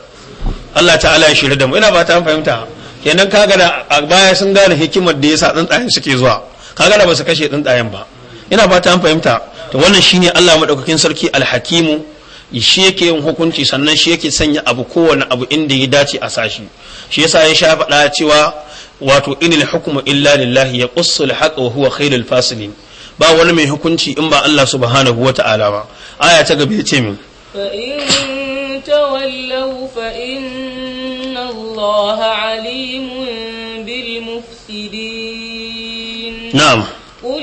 Allah ta'ala ya shirya da mu ina ba ta fahimta kenan kaga da baya sun gane hikimar da yasa tsuntsayen suke zuwa kaga da ba su kashe tsuntsayen ba ina ba ta fahimta to wannan shine Allah madaukakin sarki alhakimu shi yake yin hukunci sannan shi yake sanya abu kowane abu inda ya dace a sashi shi yasa ya sha faɗa cewa wato inil hukmu illa lillahi ya qussul haqq wa huwa khairul fasilin ba wani mai hukunci in ba Allah subhanahu wa ta'ala ba aya ta gaba ce min na'am. قل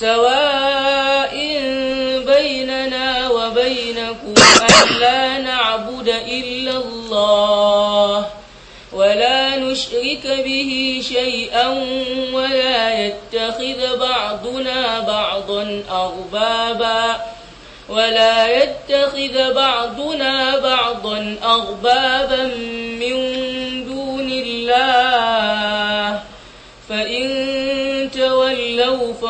سواء بيننا وبينكم أن لا نعبد إلا الله ولا نشرك به شيئا ولا يتخذ بعضنا بعضا أربابا ولا يتخذ بعضنا بعضا أربابا من دون الله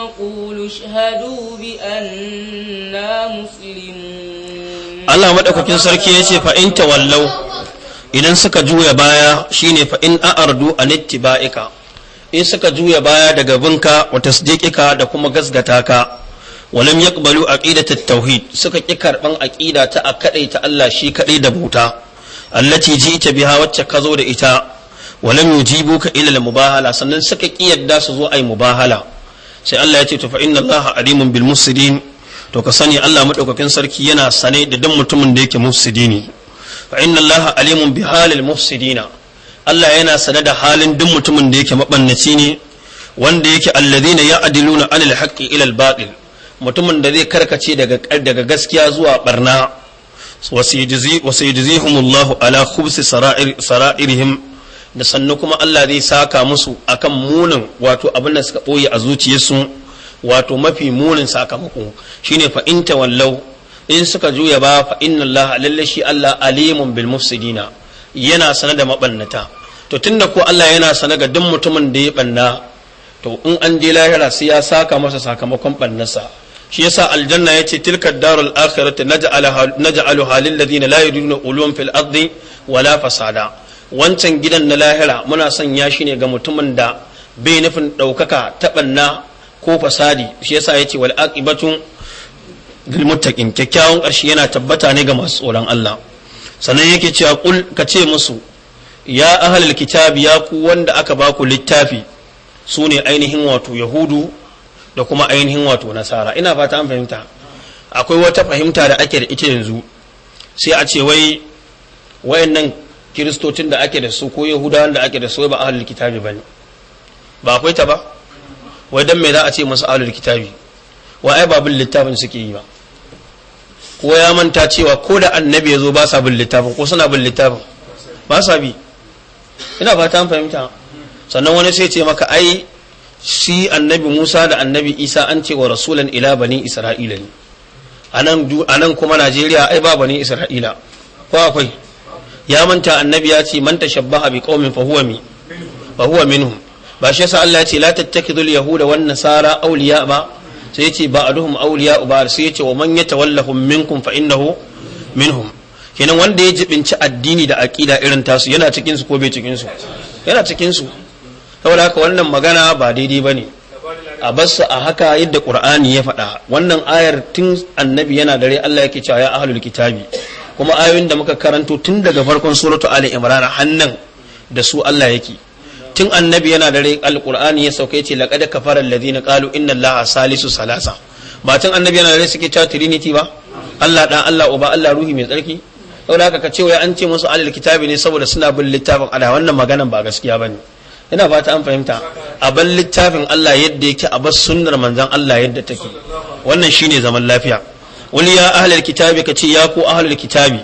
نقول اشهدوا بأننا مسلمون الله مدكوكين سركي يسي تولوا idan suka juya baya shine fa in a'ardu an ittiba'ika in suka juya baya daga binka wa tasdiqika da kuma gasgata ka walam yaqbalu aqidata tauhid suka ki karban aqida ta a ta Allah shi kadai da buta allati ji'ta biha wacce ka zo da ita walam yujibuka ila al mubahala sannan suka ki yadda su zo ai mubahala sai Allah ya ce to fa inna Allah alimun bil mufsidin to ka sani Allah madaukakin sarki yana sane da duk mutumin da yake mufsidi ne fa inna Allah alimun bi halil mufsidina Allah yana sane da halin duk mutumin da yake mabannaci ne wanda yake alladhina ya'diluna anil haqqi ila al batil mutumin da zai karkace daga daga gaskiya zuwa barna wasayjizihumullahu ala khubsi sara'irihim da sannu kuma Allah zai saka musu akan munin wato abin da suka ɓoye a zuciyarsu wato mafi munin sakamako shine fa in tawallau in suka juya ba fa inna Allah lalle shi Allah alimun bil mufsidina yana sana da mabannata to tunda ko Allah yana sana ga duk mutumin da ya banna to in an je lahira sai ya saka masa sakamakon bannarsa shi yasa aljanna ya ce tilka darul akhirati na lil ladina la yuriduna ulum fil ardi wala fasada wancan gidan na lahira muna sanya shi ne ga mutumin da bai nufin ɗaukaka taɓanna ko fasadi shi yasa ya ce wal'aƙibatun aqibatu kyakkyawan ƙarshe yana tabbata ne ga masu tsoron Allah sannan yake cewa kul ka ce musu ya ahalil kitabi ya ku wanda aka ba ku littafi su ne ainihin wato yahudu da kuma ainihin wato nasara ina fata an fahimta akwai wata fahimta da ake da ita yanzu sai a ce wai wayannan kiristocin da ake da su ko yahudawan da ake da su ba ahlul kitabi bane ba akwai ta ba wai dan me za a ce masu ahlul kitabi wa ai babul bin littafin suke yi ba ko ya manta cewa ko da annabi ya zo ba sa bin littafin ko suna bin littafin ba sa bi ina fata an fahimta sannan wani sai ce maka ai shi annabi Musa da annabi Isa an ce wa rasulan ila bani Isra'ila ne anan anan kuma Najeriya ai ba bani Isra'ila ko akwai ya manta annabi ya ce manta tashabbaha bi qaumin fa huwa mi fa huwa minhum ba shi yasa Allah ya ce la tattakidu al yahuda wan nasara awliya ba sai ba a duhun awliya ba sai ce wa man yatawallahum minkum fa innahu minhum kenan wanda ya jibinci addini da aqida irin tasu yana cikin ko bai cikin yana cikin su saboda haka wannan magana ba daidai ba ne. a basu a haka yadda qur'ani ya faɗa wannan ayar tun annabi yana dare Allah yake cewa ya ahlul kitabi kuma ayoyin da muka karanto tun daga farkon suratu ali imran hannan da su Allah yake tun annabi yana da rai alqur'ani ya sauke ce laqad kafara alladhina qalu inna allaha salisu salasa ba tun annabi yana da rai suke cewa trinity ba Allah dan Allah uba Allah ruhi mai tsarki saboda haka ka ce wai an ce musu alil kitabi ne saboda suna bin littafin ala wannan maganan ba gaskiya bane ina fata an fahimta a ban littafin Allah yadda yake a bar sunnar manzon Allah yadda take wannan shine zaman lafiya Wani ya ahalar kitabi ka ce ya ku ahalar kitabi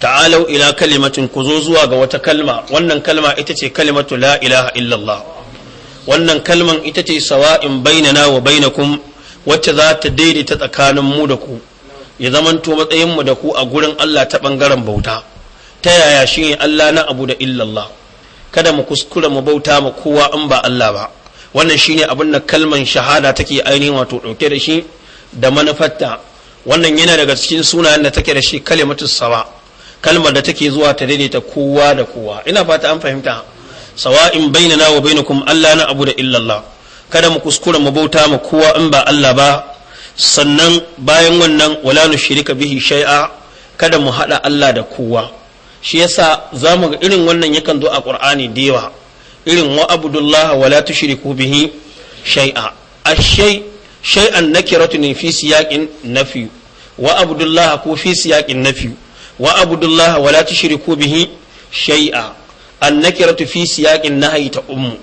ta'alau ila kalimatin ku zo zuwa ga wata kalma wannan kalma ita ce kalimatu la ilaha illallah wannan kalman ita ce sawa'in bainana wa bainakum wacce za ta daidaita tsakanin mu da ku ya zamanto matsayin mu da ku a gurin Allah ta bangaren bauta ta yaya shine Allah na abu da illallah kada mu kuskura mu bauta ma kowa in ba Allah ba wannan shine abin da kalman shahada take ainihin wato dauke da shi da manufarta wannan yana daga cikin sunayen da take da shi kalimatu sawa kalmar da take zuwa ta daidaita kowa da kowa ina fata an fahimta sawa'in bainana wa bainakum Allah na abu da illallah kada mu kuskura mu bauta ma kowa in ba Allah ba sannan bayan wannan wala nushrika bihi shay'a kada mu hada Allah da kowa shi yasa zamu ga irin wannan yakan zo a Qur'ani da yawa irin wa abdullahi wala tushriku bihi shay'a ashay shay'an nakiratun fi siyaqin nafi wa abdullah ko fi siyaqin nafi wa abdullah wala tushriku bihi shay'a an fi siyaqin nahyi ta ummu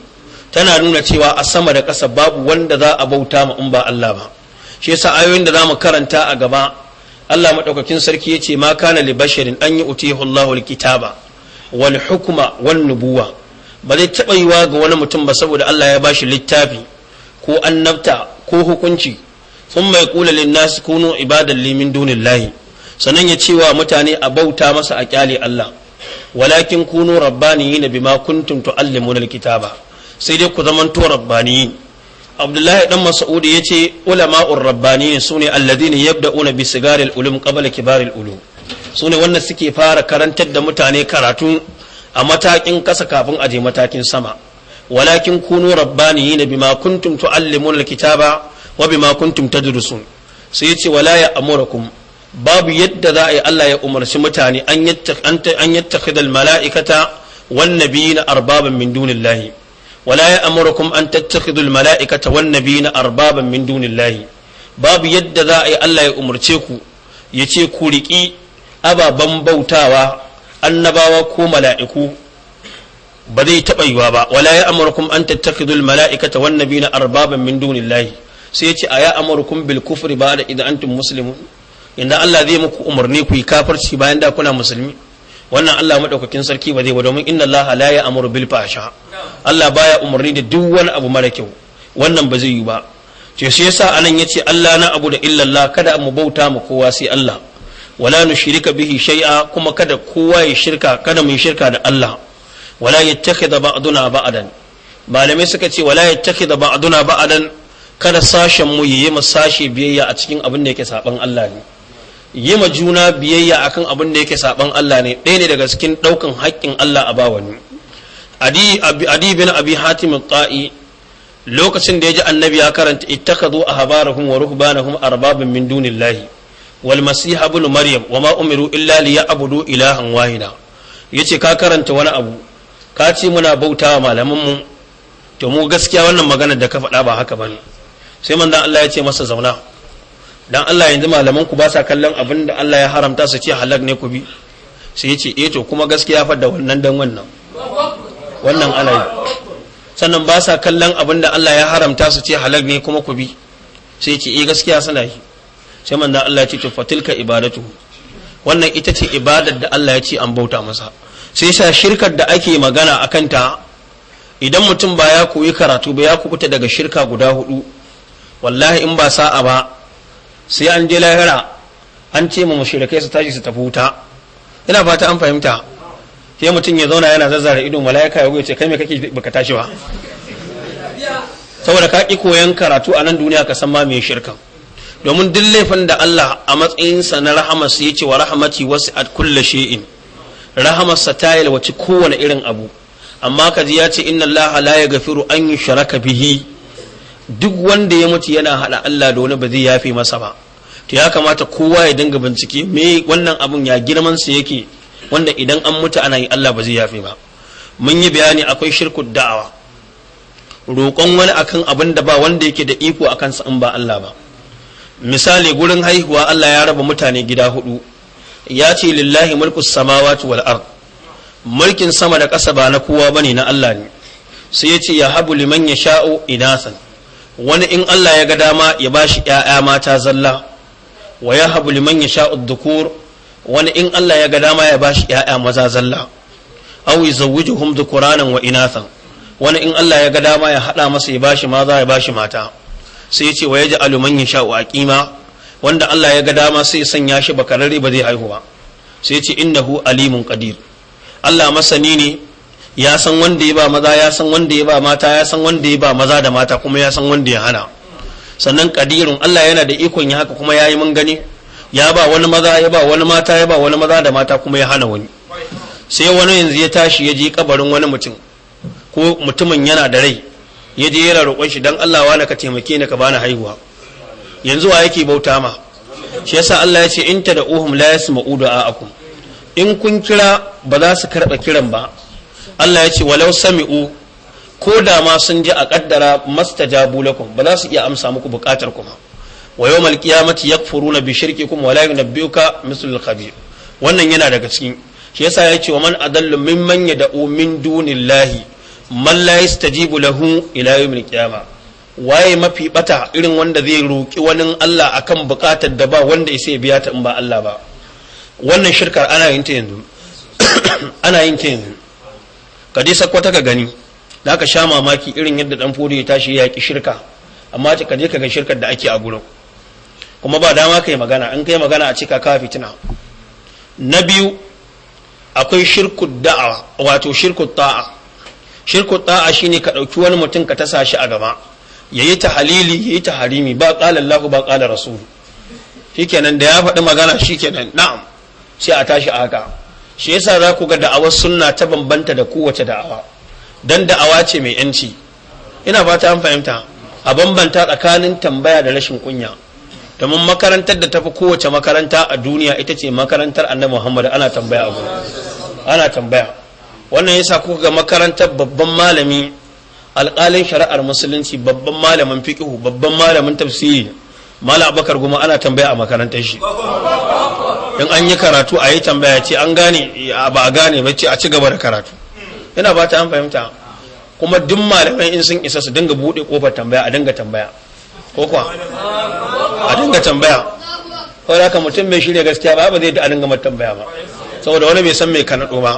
tana nuna cewa a sama da ƙasa babu wanda za a bauta ma in ba Allah ba shi yasa ayoyin da za mu karanta a gaba Allah madaukakin sarki ce ma kana li basharin an yi utihu Allahul kitaba wal hukma wan nubuwa ba zai taɓa yiwa ga wani mutum ba saboda Allah ya bashi littafi ko annabta ko hukunci sun mai kula linnas kunu ibadan limin dunin lahi sannan ya cewa mutane a bauta masa a kyale Allah walakin kunu rabbaniyin bima kuntum tuallimuna alkitaba sai dai ku zaman to rabbaniyin abdullahi dan mas'ud yace ulama'ur rabbaniyin sune alladhina yabda'una bi sigaril ulum qabla kibaril ulum sune wannan suke fara karantar da mutane karatu a matakin kasa kafin a je matakin sama walakin kunu rabbaniyina bima kuntum tuallimuna alkitaba wa bima kuntum tadrusun sai yace wala ya amurakum babu yadda za a yi Allah ya umarci mutane an yattakhidha almalaikata wan nabiyina arbaban min dunillahi wala ya amurakum an tattakhidhu almalaikata wan nabiyina arbaban min dunillahi babu yadda za a yi Allah ya umarci ku ya ce ku ababen bautawa annabawa ko mala'iku ba zai taɓa yiwa ba wala ya amurkum an tattakidul mala'ikata wan nabiyina arbaban min dunillahi sai ya ce a ya amurkum bil kufri ba da idan antum muslimun inda Allah zai muku umarni ku yi kafirci bayan da kuna musulmi wannan Allah madaukakin sarki ba zai ba domin inna Allah la ya amuru bil fahsha Allah baya umarni da duk wani abu mara kyau wannan ba zai yi ba to su yasa anan yace Allah na abu da illallah kada mu bauta mu kowa sai Allah wala shirika bihi shay'a kuma kada kowa ya shirka kada mu shirka da Allah wala yattakhidha ba'duna ba'dan malamai suka ce wala yattakhidha ba'duna ba'dan kada sashen mu yi ma sashe biyayya a cikin abin da yake saban Allah ne yi ma juna biyayya akan abin da yake saban Allah ne ɗaya ne daga cikin ɗaukan haƙƙin Allah a ba wani adi bin abi hatim ta'i lokacin da ya ji annabi ya karanta ittakhadhu ahbarahum wa ruhbanahum arbabin min dunillahi wal masih ibn maryam wa ma umiru illa liya'budu ilahan wahida yace ka karanta wani abu ka ce muna bauta wa malamanmu to mu gaskiya wannan maganar da ka faɗa ba haka bane sai manzon Allah ya ce masa zauna dan Allah yanzu malaman ku ba sa kallon abin da Allah ya haramta su ce halak ne ku bi sai ya ce eh to kuma gaskiya fa da wannan dan wannan wannan Allah sannan ba sa kallon abin da Allah ya haramta su ce halak ne kuma ku bi sai ya ce eh gaskiya suna yi sai manzon Allah ya ce to fatilka ibadatu wannan ita ce ibadar da Allah ya ce an bauta masa sai sa shirkar da ake magana a kanta idan mutum ba ya koyi karatu ba ya kubuta daga shirka guda hudu wallahi in ba sa'a ba sai an je lahira an ce ma mushrikai su tashi su tafi wuta ina fata an fahimta sai mutum ya zauna yana zazzara ido malaika ya ce kai me kake baka tashi ba saboda ka ki koyan karatu a nan duniya ka san ma me shirka domin duk laifin da Allah a matsayinsa na rahama su ce wa rahmati wasi'at kulli shay'in rahamarsa ta yalwaci kowane irin abu amma ka ji ya ce inna allaha la gafiru an sharaka bihi duk wanda ya mutu yana hada Allah da wani ba zai yafi masa ba to ya kamata kowa ya dinga bincike me wannan abun ya girman sa yake wanda idan an mutu ana yi Allah ba zai yafi ba mun yi bayani akwai shirku da'awa roƙon wani akan abin da ba wanda yake da iko akan sa in ba Allah ba misali gurin haihuwa Allah ya raba mutane gida hudu ya ce lillahi mulku samawati wal ard mulkin sama da ƙasa ba na kowa bane na Allah ne sai ya ce ya habu liman ya sha'u inasan wani in Allah ya ga dama ya bashi ƴaƴa mata zalla wa ya habu liman ya sha'u dhukur wani in Allah ya ga dama ya bashi ƴaƴa maza zalla aw yuzawwijuhum dhukuranan wa inasan wani in Allah ya ga dama ya hada masa ya bashi maza ya bashi mata sai ya ce wa yaj'alu man yasha'u aqima wanda Allah ya ga dama sai ya sanya shi ba karare ba zai haihu ba sai ce innahu alimun qadir Allah masani ne ya san wanda ya ba maza ya san wanda ya ba mata ya san wanda ya ba maza da mata kuma ya san wanda ya hana sannan qadirun Allah yana da ikon ya haka kuma yayi mun gani ya ba wani maza ya ba wani mata ya ba wani maza da mata kuma ya hana wani sai wani yanzu ya tashi ya je kabarin wani mutum ko mutumin yana da rai ya je yana roƙon shi dan Allah wa ka taimake ni ka bani haihuwa yanzu wa yake bauta ma shi yasa Allah ya ce in ta da uhum la yasma'u du'a'akum in kun kira ba za su karba kiran ba Allah ya ce walau sami'u ko da ma sun ji a kaddara mastajabu lakum ba za su iya amsa muku bukatar ku ba wa yawmal qiyamati yakfuruna bi shirkikum wa la yunabbiuka al khabir wannan yana daga cikin shi yasa ya ce wa man adallu mimman yad'u min dunillahi man la yastajibu lahu ila yawmil qiyamah waye mafi bata irin wanda zai roƙi wani Allah akan buƙatar da ba wanda isa ya biya ta in ba Allah ba wannan shirkar ana yin ta yanzu [coughs] ana yin ta yanzu ka dai ta ka gani da ka sha mamaki irin yadda dan fodi ya tashi ya shirka amma ka je ka ga shirkar da ake a gurin kuma ba dama kai magana in kai magana a cika ka fitina na biyu akwai shirku da'a wato shirku ta'a shirku ta'a shine ka ɗauki wani mutum ka tasa shi a gaba yayi tahalili yayi taharimi ba qala Allahu ba qala rasul shikenan da ya faɗi magana shikenan na'am sai a tashi a haka shi ya sa za ku ga da'awar sunna ta bambanta da kowace da'awa don da'awa ce mai yanci ina fata an fahimta a bambanta tsakanin tambaya da rashin kunya domin makarantar da tafi kowace makaranta a duniya ita ce makarantar annabi Muhammad ana tambaya abu ana tambaya wannan yasa kuka ga makarantar babban malami alƙalin shari'ar musulunci babban malamin fiƙihu babban malamin tafsiri mala abakar goma ana tambaya a makarantar shi in an yi karatu a yi tambaya ce an gane ba a gane ba ce a ci gaba da karatu yana ba ta an fahimta kuma duk malamai in sun isa su dinga buɗe kofar tambaya a dinga tambaya ko kuwa a dinga tambaya da haka mutum mai shirya gaskiya ba ba zai da a dinga tambaya ba saboda wani bai san mai kanaɗo ba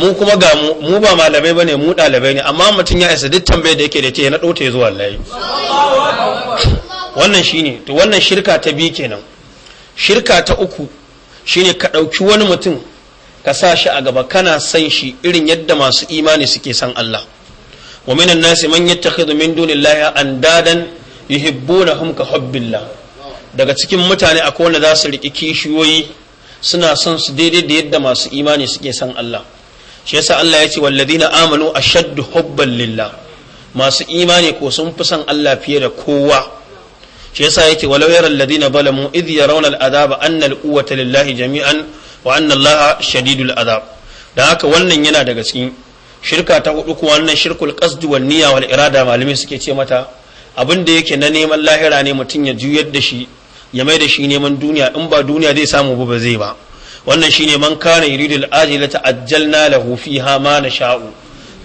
mu kuma ga mu mu ba malamai bane mu dalibai ne amma mutum ya isa duk tambayar da yake da ce na dote zuwa layi wannan shine to wannan shirka ta biyu kenan shirka ta uku shine ka ɗauki wani mutum ka sa shi a gaba kana san shi irin yadda masu imani suke san Allah wa minan nasi man yattakhidhu min dunillahi andadan yuhibbunahum ka hubbillah daga cikin mutane akwai wanda za su riki kishiyoyi suna son su daidai da yadda masu imani suke san Allah shi yasa Allah ya ce walladina amanu ashaddu hubban lillah masu imani ko sun fi son Allah fiye da kowa shi yasa yake walau yara alladina balamu idh yarawna al'adaba anna al'uwata lillahi jami'an wa anna Allah shadidul adab dan haka wannan yana daga cikin shirka ta hudu ko wannan shirkul qasd wal niyya wal irada malamai suke ce mata abin da yake na neman lahira ne mutum ya juyar da shi ya mai da shi neman duniya in ba duniya zai samu ba ba zai ba wannan shine man kana yuridu al-ajilata ajjalna lahu fiha ma nasha'u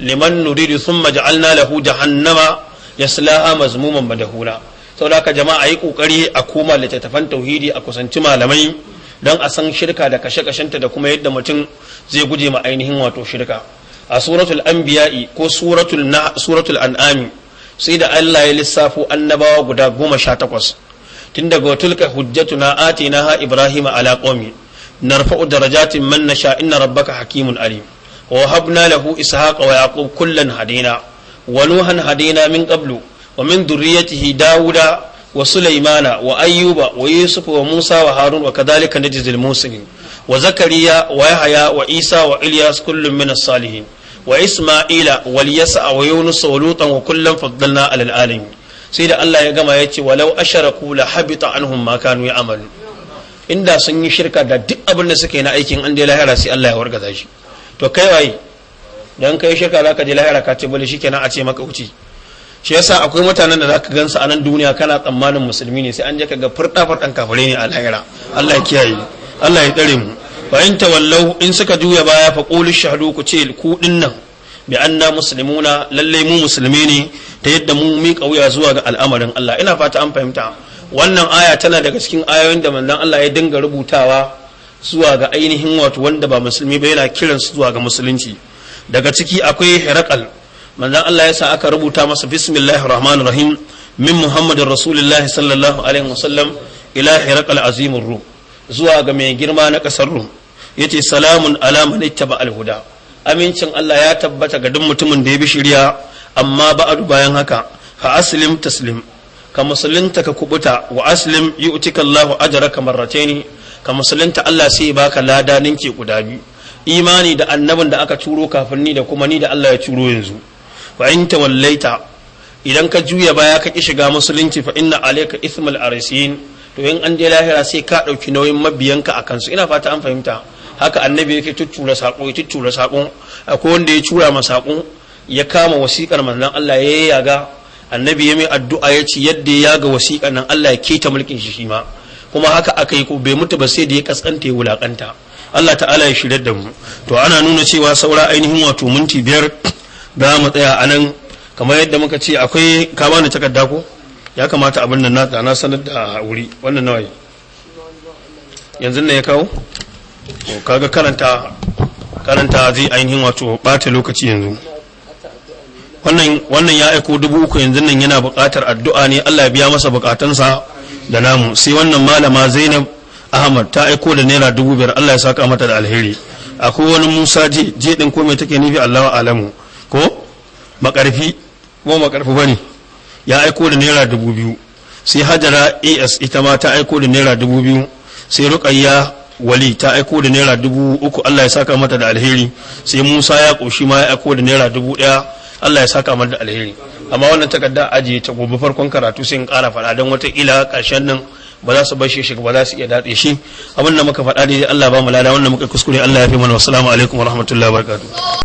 liman nuridu thumma ja'alna lahu jahannama yaslaha mazmuman madahura saboda haka jama'a yi kokari a koma littattafan tauhidi a kusanci malamai don a san shirka da kashe-kashenta da kuma yadda mutum zai guje ma ainihin wato shirka a suratul anbiya'i ko suratul na suratul an'ami sai da Allah ya lissafo annabawa guda goma sha takwas tun daga tulka hujjatuna na ha ibrahima ala qawmi narfa'u darajatin man nasha inna rabbaka hakimun alim wa habna lahu ishaqa wa yaqub kullan hadina wa nuhan hadina min qablu wa min dhurriyyatihi dawuda wa sulaymana wa ayyuba wa yusuf wa musa wa harun wa kadhalika najzil muslimin wa zakariya wa yahaya wa isa wa ilyas kullun min as-salihin wa isma'ila wal yasa wa yunus wa lutan wa kullan faddalna alal alamin sai da Allah ya gama ya ce walau ku la habita anhum ma kanu ya'malu inda sun yi shirka da duk abin da suka yi na aikin an dai lahira sai Allah ya wargaza shi to kai waye dan kai shirka zaka je lahira ka ce bale shikenan a ce maka wuce shi yasa akwai mutanen da zaka gansu a nan duniya kana tsammanin musulmi ne sai an je ga furda furdan kafare ne a lahira Allah ya kiyaye Allah ya tsare mu fa in tawallau in suka juya baya fa qulu shahadu ku ce ku dinnan bi anna muslimuna lalle mu musulmi ne ta yadda mu mika wuya zuwa ga al'amarin Allah ina fata an fahimta wannan aya tana daga cikin ayoyin da manzon Allah ya dinga rubutawa zuwa ga ainihin wato wanda ba musulmi ba yana kiran su zuwa ga musulunci daga ciki akwai hirakal manzon Allah yasa sa aka rubuta masa bismillahir rahmanir rahim min muhammadin rasulillahi sallallahu alaihi wasallam ila hirakal azimur ru zuwa ga mai girma na kasar ru yace salamun ala man ittaba al huda amincin Allah ya tabbata ga duk mutumin da ya bi shirya amma ba'adu bayan haka fa aslim taslim ka musulunta ka kubuta wa aslim ajara kamar ajraka ni. ka musulunta Allah sai ya baka lada ninki guda biyu imani da annabin da aka turo kafin ni da kuma ni da Allah ya turo yanzu wa in wallaita idan ka juya baya ka ki shiga musulunci fa inna alayka ithmal arisin to in an je lahira sai ka dauki nauyin mabiyanka a kansu. ina fata an fahimta haka annabi yake tuttura sako ya tuttura sako akwai wanda ya tura ma sako ya kama wasikar manzon Allah ya yaga annabi ya mai addu'a ya ce yadda ya ga wasiƙa nan Allah ya keta mulkin shi shi ma kuma haka aka yi ko bai mutu ba sai da ya kaskanta ya wulakanta Allah ta'ala ya shirya da mu to ana nuna cewa saura ainihin wato minti biyar da [coughs] mu tsaya a nan kamar yadda muka ce akwai kama da takarda ko ya kamata abin nan na na sanar da wuri wannan nawa yanzu ne ya kawo kaga karanta karanta zai ainihin wato bata lokaci yanzu wannan ya aiko dubu uku yanzu nan yana buƙatar addu'a ne Allah ya biya masa buƙatunsa da namu sai wannan malama Zainab Ahmad ta aiko da naira dubu biyar Allah ya saka mata da alheri akwai wani Musa je je din ko take nufi Allahu alamu ko makarfi ko makarfi bane ya aiko da naira dubu biyu sai Hajara AS ita ma ta aiko da naira dubu biyu sai Ruqayya wali ta aiko da naira dubu uku Allah ya saka mata da alheri sai Musa ya koshi ma ya aiko da naira dubu ɗaya Allah ya saka a da alheri amma wannan takarda ajiye ta gobe farkon karatu sai in ƙara faɗa don wata ila ƙarshen nan ba za su bashe shi ba za su iya datse shi abin da muka faɗa dai Allah ba mu lada wannan muka kuskure Allah ya fi mana wassalamu alaikum warahmatullahi wabarakatuh